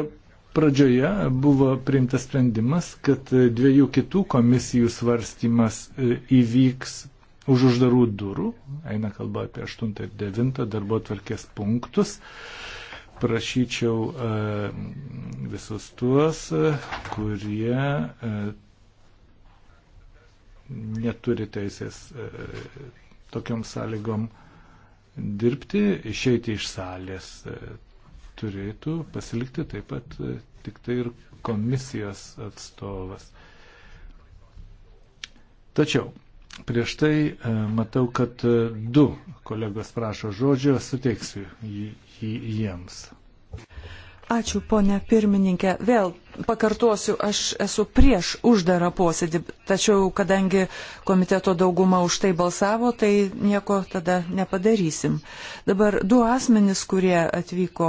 pradžioje buvo priimtas sprendimas, kad e, dviejų kitų komisijų svarstymas e, įvyks už uždarų durų, eina kalba apie 8 ir 9 darbo tvarkės punktus. Prašyčiau visus tuos, kurie neturi teisės tokiom sąlygom dirbti, išeiti iš salės turėtų pasilikti taip pat e, tik tai ir komisijos atstovas. Tačiau prieš tai e, matau, kad e, du kolegos prašo žodžio, suteiksiu jį jiems. Ačiū, ponė pirmininkė. Vėl pakartosiu, aš esu prieš uždarą posėdį, tačiau kadangi komiteto dauguma už tai balsavo, tai nieko tada nepadarysim. Dabar du asmenys, kurie atvyko,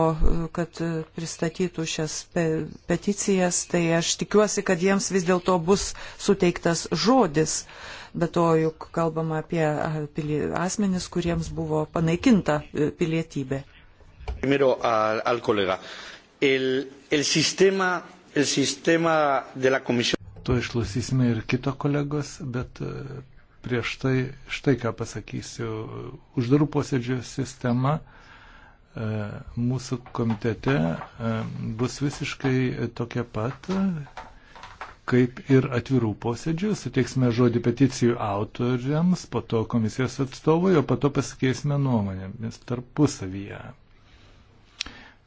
kad pristatytų šias pe peticijas, tai aš tikiuosi, kad jiems vis dėlto bus suteiktas žodis. Be to juk kalbama apie asmenis, kuriems buvo panaikinta e, pilietybė. Primero al, al colega el, el, sistema, el sistema de la Comisión. Tuo išklausysime ir kito kolegos, bet e, prieš tai štai ką pasakysiu. Uždarų posėdžio sistema e, mūsų komitete e, bus visiškai tokia pat kaip ir atvirų posėdžių. Suteiksime žodį peticijų autoriams, po to komisijos atstovui, o po to pasikeisime nuomonėmis tarpusavyje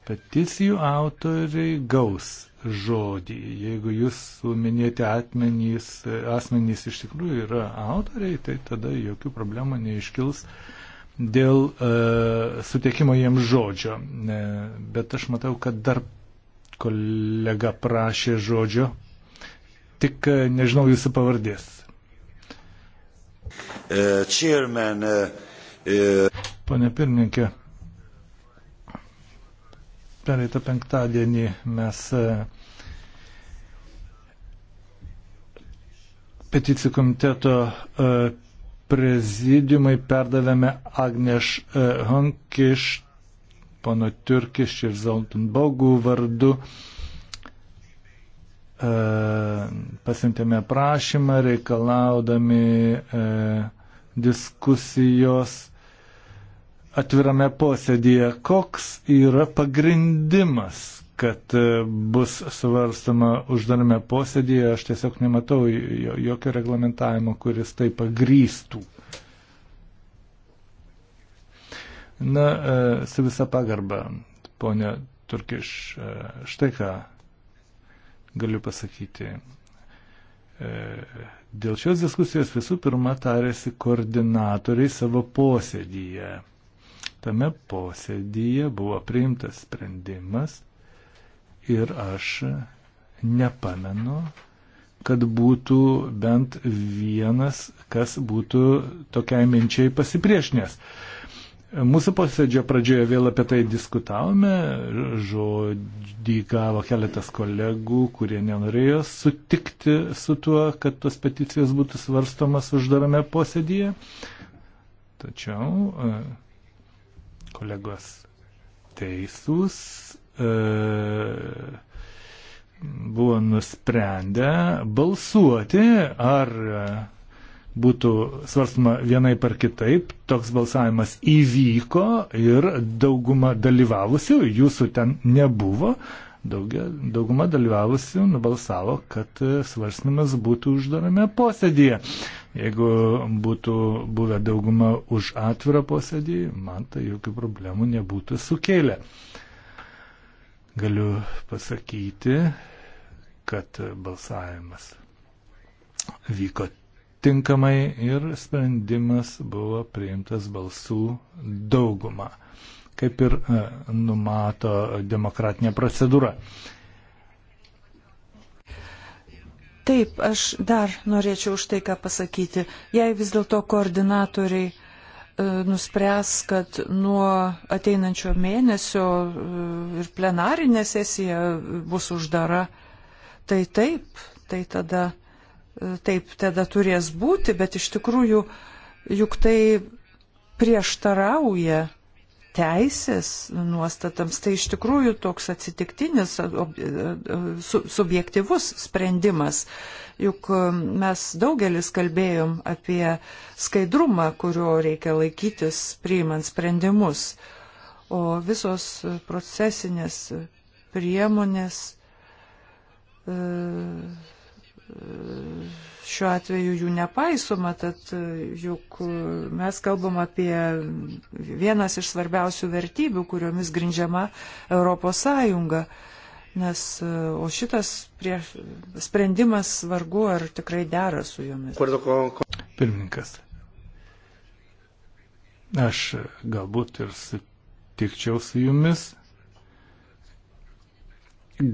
peticijų autoriai gaus žodį. Jeigu jūs minėti atmenys, asmenys iš tikrųjų yra autoriai, tai tada jokių problemų neiškils dėl e, sutikimo jiems žodžio. E, bet aš matau, kad dar kolega prašė žodžio, tik e, nežinau jūsų pavardės. E, chairman, e, e... Pane pirmininkė, pereitą penktadienį mes e, peticijų komiteto e, prezidiumai perdavėme Agneš e, Honkiš, pono Turkiš ir Zoltenbogų vardu. Pasintėme prašymą reikalaudami diskusijos atvirame posėdėje, koks yra pagrindimas, kad e, bus svarstama uždarame posėdėje. Aš tiesiog nematau jokio reglamentavimo, kuris tai pagrystų. Na, e, su visa pagarba, ponė Turkiš, e, štai ką galiu pasakyti. Dėl šios diskusijos visų pirma tarėsi koordinatoriai savo posėdyje. Tame posėdyje buvo priimtas sprendimas ir aš nepamenu, kad būtų bent vienas, kas būtų tokiai minčiai pasipriešinęs. Mūsų posėdžio pradžioje vėl apie tai diskutavome, žodį gavo keletas kolegų, kurie nenorėjo sutikti su tuo, kad tos peticijos būtų svarstomas uždarame posėdyje. Tačiau Kolegos teisūs e, buvo nusprendę balsuoti, ar būtų svarstama vienai par kitaip. Toks balsavimas įvyko ir dauguma dalyvavusių, jūsų ten nebuvo, daugia, dauguma dalyvavusių nubalsavo, kad svarstymas būtų uždarame posėdėje. Jeigu būtų buvę dauguma už atvirą posėdį, man tai jokių problemų nebūtų sukėlę. Galiu pasakyti, kad balsavimas vyko tinkamai ir sprendimas buvo priimtas balsų daugumą, kaip ir e, numato demokratinė procedūra. Taip, aš dar norėčiau už tai ką pasakyti. Jei vis dėlto koordinatoriai e, nuspręs, kad nuo ateinančio mėnesio e, ir plenarinė sesija bus uždara, tai taip, tai tada, e, taip tada turės būti, bet iš tikrųjų juk tai prieštarauja teisės nuostatams, tai iš tikrųjų toks atsitiktinis, subjektivus sprendimas. Juk um, mes daugelis kalbėjom apie skaidrumą, kurio reikia laikytis priimant sprendimus. O visos procesinės priemonės. E, šiuo atveju jų nepaisoma, tad e, juk mes kalbam apie vienas iš svarbiausių vertybių, kuriomis grindžiama Europos Sąjunga. Nes, e, o šitas prieš, sprendimas vargu ar tikrai dera su jomis. Pirmininkas. Aš galbūt ir sutikčiau su jumis,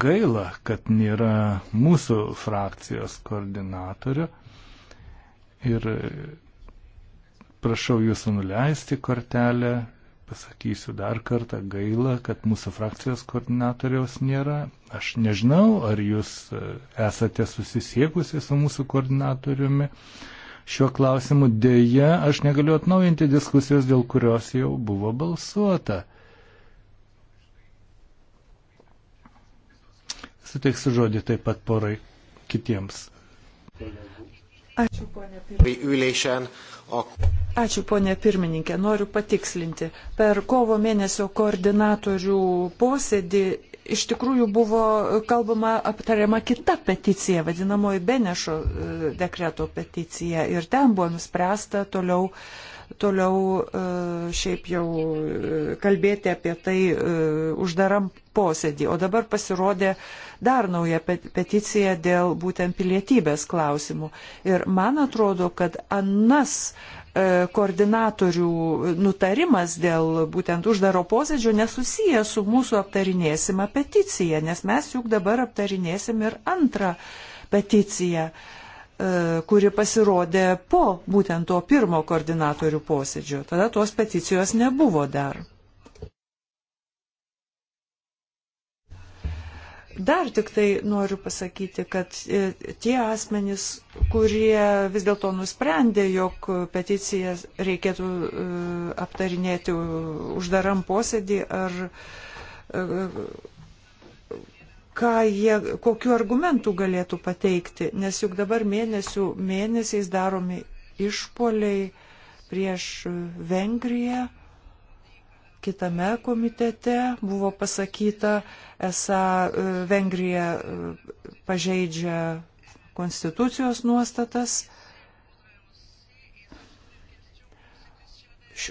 Gaila, kad nėra mūsų frakcijos koordinatorio ir prašau jūsų nuleisti kortelę, pasakysiu dar kartą, gaila, kad mūsų frakcijos koordinatoriaus nėra. Aš nežinau, ar jūs e, esate susisiekusi su mūsų koordinatoriumi šiuo klausimu. Deja, aš negaliu atnaujinti diskusijos, dėl kurios jau buvo balsuota. Suteiksiu žodį taip pat porai kitiems. Ačiū ponė, Ačiū, ponė pirmininkė. Noriu patikslinti. Per kovo mėnesio koordinatorių posėdį iš tikrųjų buvo kalbama aptariama kita peticija, vadinamoji Benešo e, dekreto peticija. Ir ten buvo nuspręsta toliau uh, toliau e, šiaip jau e, kalbėti apie tai e, uždaram posėdį. O dabar pasirodė dar nauja peticija dėl būtent pilietybės klausimų. Ir man atrodo, kad anas koordinatorių nutarimas dėl būtent uždaro posėdžio nesusijęs su mūsų aptarinėsima peticija, nes mes juk dabar aptarinėsim ir antrą peticiją. Uh, E, kuri pasirodė po būtent to pirmo koordinatorių posėdžio. Tada tos peticijos nebuvo dar. Dar tik tai noriu pasakyti, kad e, tie asmenys, kurie vis dėlto nusprendė, jog peticijas reikėtų e, aptarinėti uždaram posėdį ar ką jie, kokiu argumentu galėtų pateikti, nes juk dabar mėnesių mėnesiais daromi išpoliai prieš Vengriją. Kitame komitete buvo pasakyta, esą e, Vengrija e, pažeidžia konstitucijos nuostatas.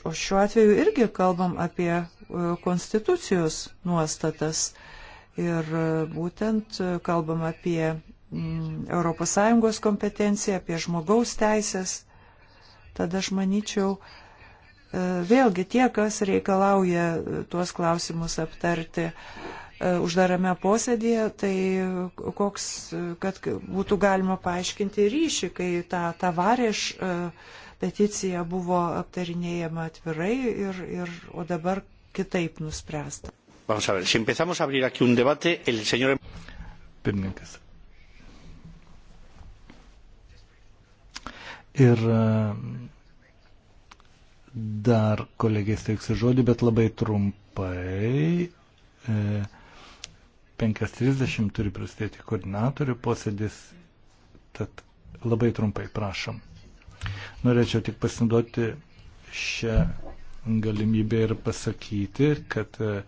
O šiuo atveju irgi kalbam apie e, konstitucijos nuostatas. Ir e, būtent e, kalbam apie mm, ES kompetenciją, apie žmogaus teisės. Tada aš manyčiau, e, vėlgi tie, kas reikalauja tuos klausimus aptarti uždarame posėdėje, tai koks, kad būtų galima paaiškinti ryšį, kai ta tavarėš peticija buvo aptarinėjama atvirai ir, ir o dabar kitaip nuspręsta. Vamos a ver, si empezamos a abrir aquí un debate, el señor. Pirmininkas. Ir e, dar kolegės teiksiu žodį, bet labai trumpai. 5.30 e, turi prasidėti koordinatorių posėdis, tad labai trumpai prašom. Norėčiau tik pasinaudoti šią galimybę ir pasakyti, kad uh,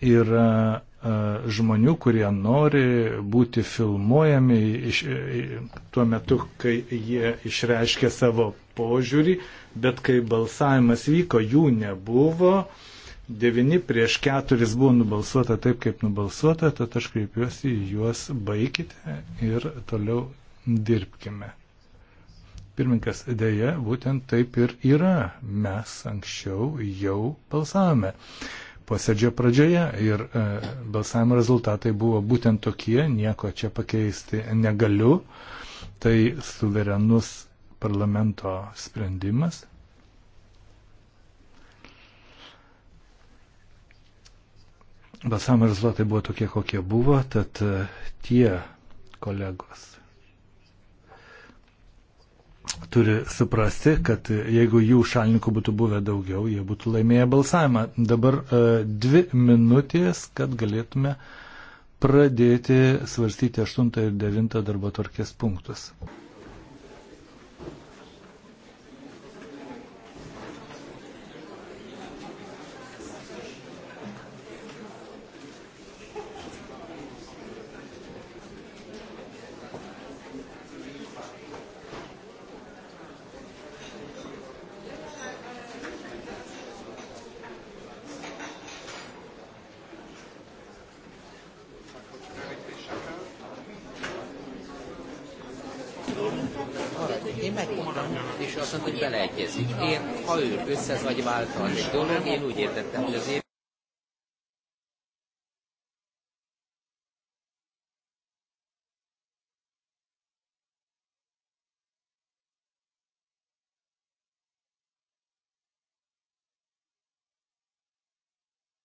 yra žmonių, kurie nori būti filmuojami iš, e, e, tuo metu, kai jie išreiškė savo požiūrį, bet kai balsavimas vyko, jų nebuvo. 9 prieš 4 buvo nubalsuota taip, kaip nubalsuota, tad aš kreipiuosi į juos, baikite ir toliau dirbkime. Pirmininkas, dėja, būtent taip ir yra. Mes anksčiau jau balsavome posėdžio pradžioje ir e, balsavimo rezultatai buvo būtent tokie, nieko čia pakeisti negaliu. Tai suverenus parlamento sprendimas. Balsavimo rezultatai buvo tokie, kokie buvo, tad e, tie kolegos turi suprasti, kad jeigu jų šalininkų būtų buvę daugiau, jie būtų laimėję balsavimą. Dabar e, dvi minutės, kad galėtume pradėti svarstyti 8 ir 9 darbo tvarkės punktus. az ügynél, ha ő összezagyválta a dolog, én úgy értettem, hogy az én